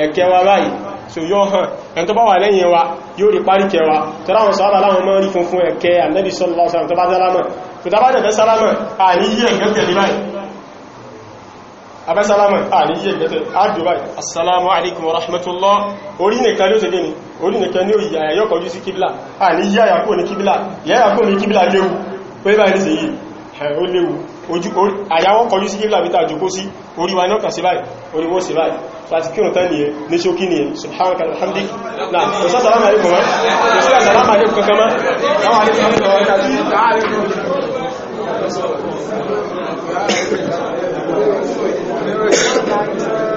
ẹ̀kẹ́ wa báyìí so yóò hàn ẹn tó bá wà lẹ́yìn wa yóò rí parí kẹwa tó dáwọn sọ́rọ̀ aláwọn mọ́ rí funfun ẹ̀kẹ́ ànẹ́bí sallallahu alaihi wasallam tó bá sálámà tó dábá dẹ̀ sálámà àní yí ẹ̀gẹ́gẹ́ ní báyìí abẹ́ sálámà àní yí ẹ̀gẹ́gẹ́ àdù báyìí assalamu alaikum wa rahmatullah orí nìkan ló ti gẹ́ ni orí nìkan ní òyìyà yọ́kọ̀jú sí kíbílà àní yí àyàkó ní kíbílà yẹ́yàkó ní kíbílà léwu pé báyìí yìí ó léwu àyàwó kọjú sí kíblà mítà jùkó sí orí wa náà sí báyìí orí wọ́n sí báyìí láti kí òtán nìyẹn ní ṣókí nìyẹn subhanaka alhamdika náà kò sá sàlámà alẹ́ kọ̀mọ́ kò sí àsàlámà alẹ́ kankan mọ́ láwọn alẹ́ Thank you.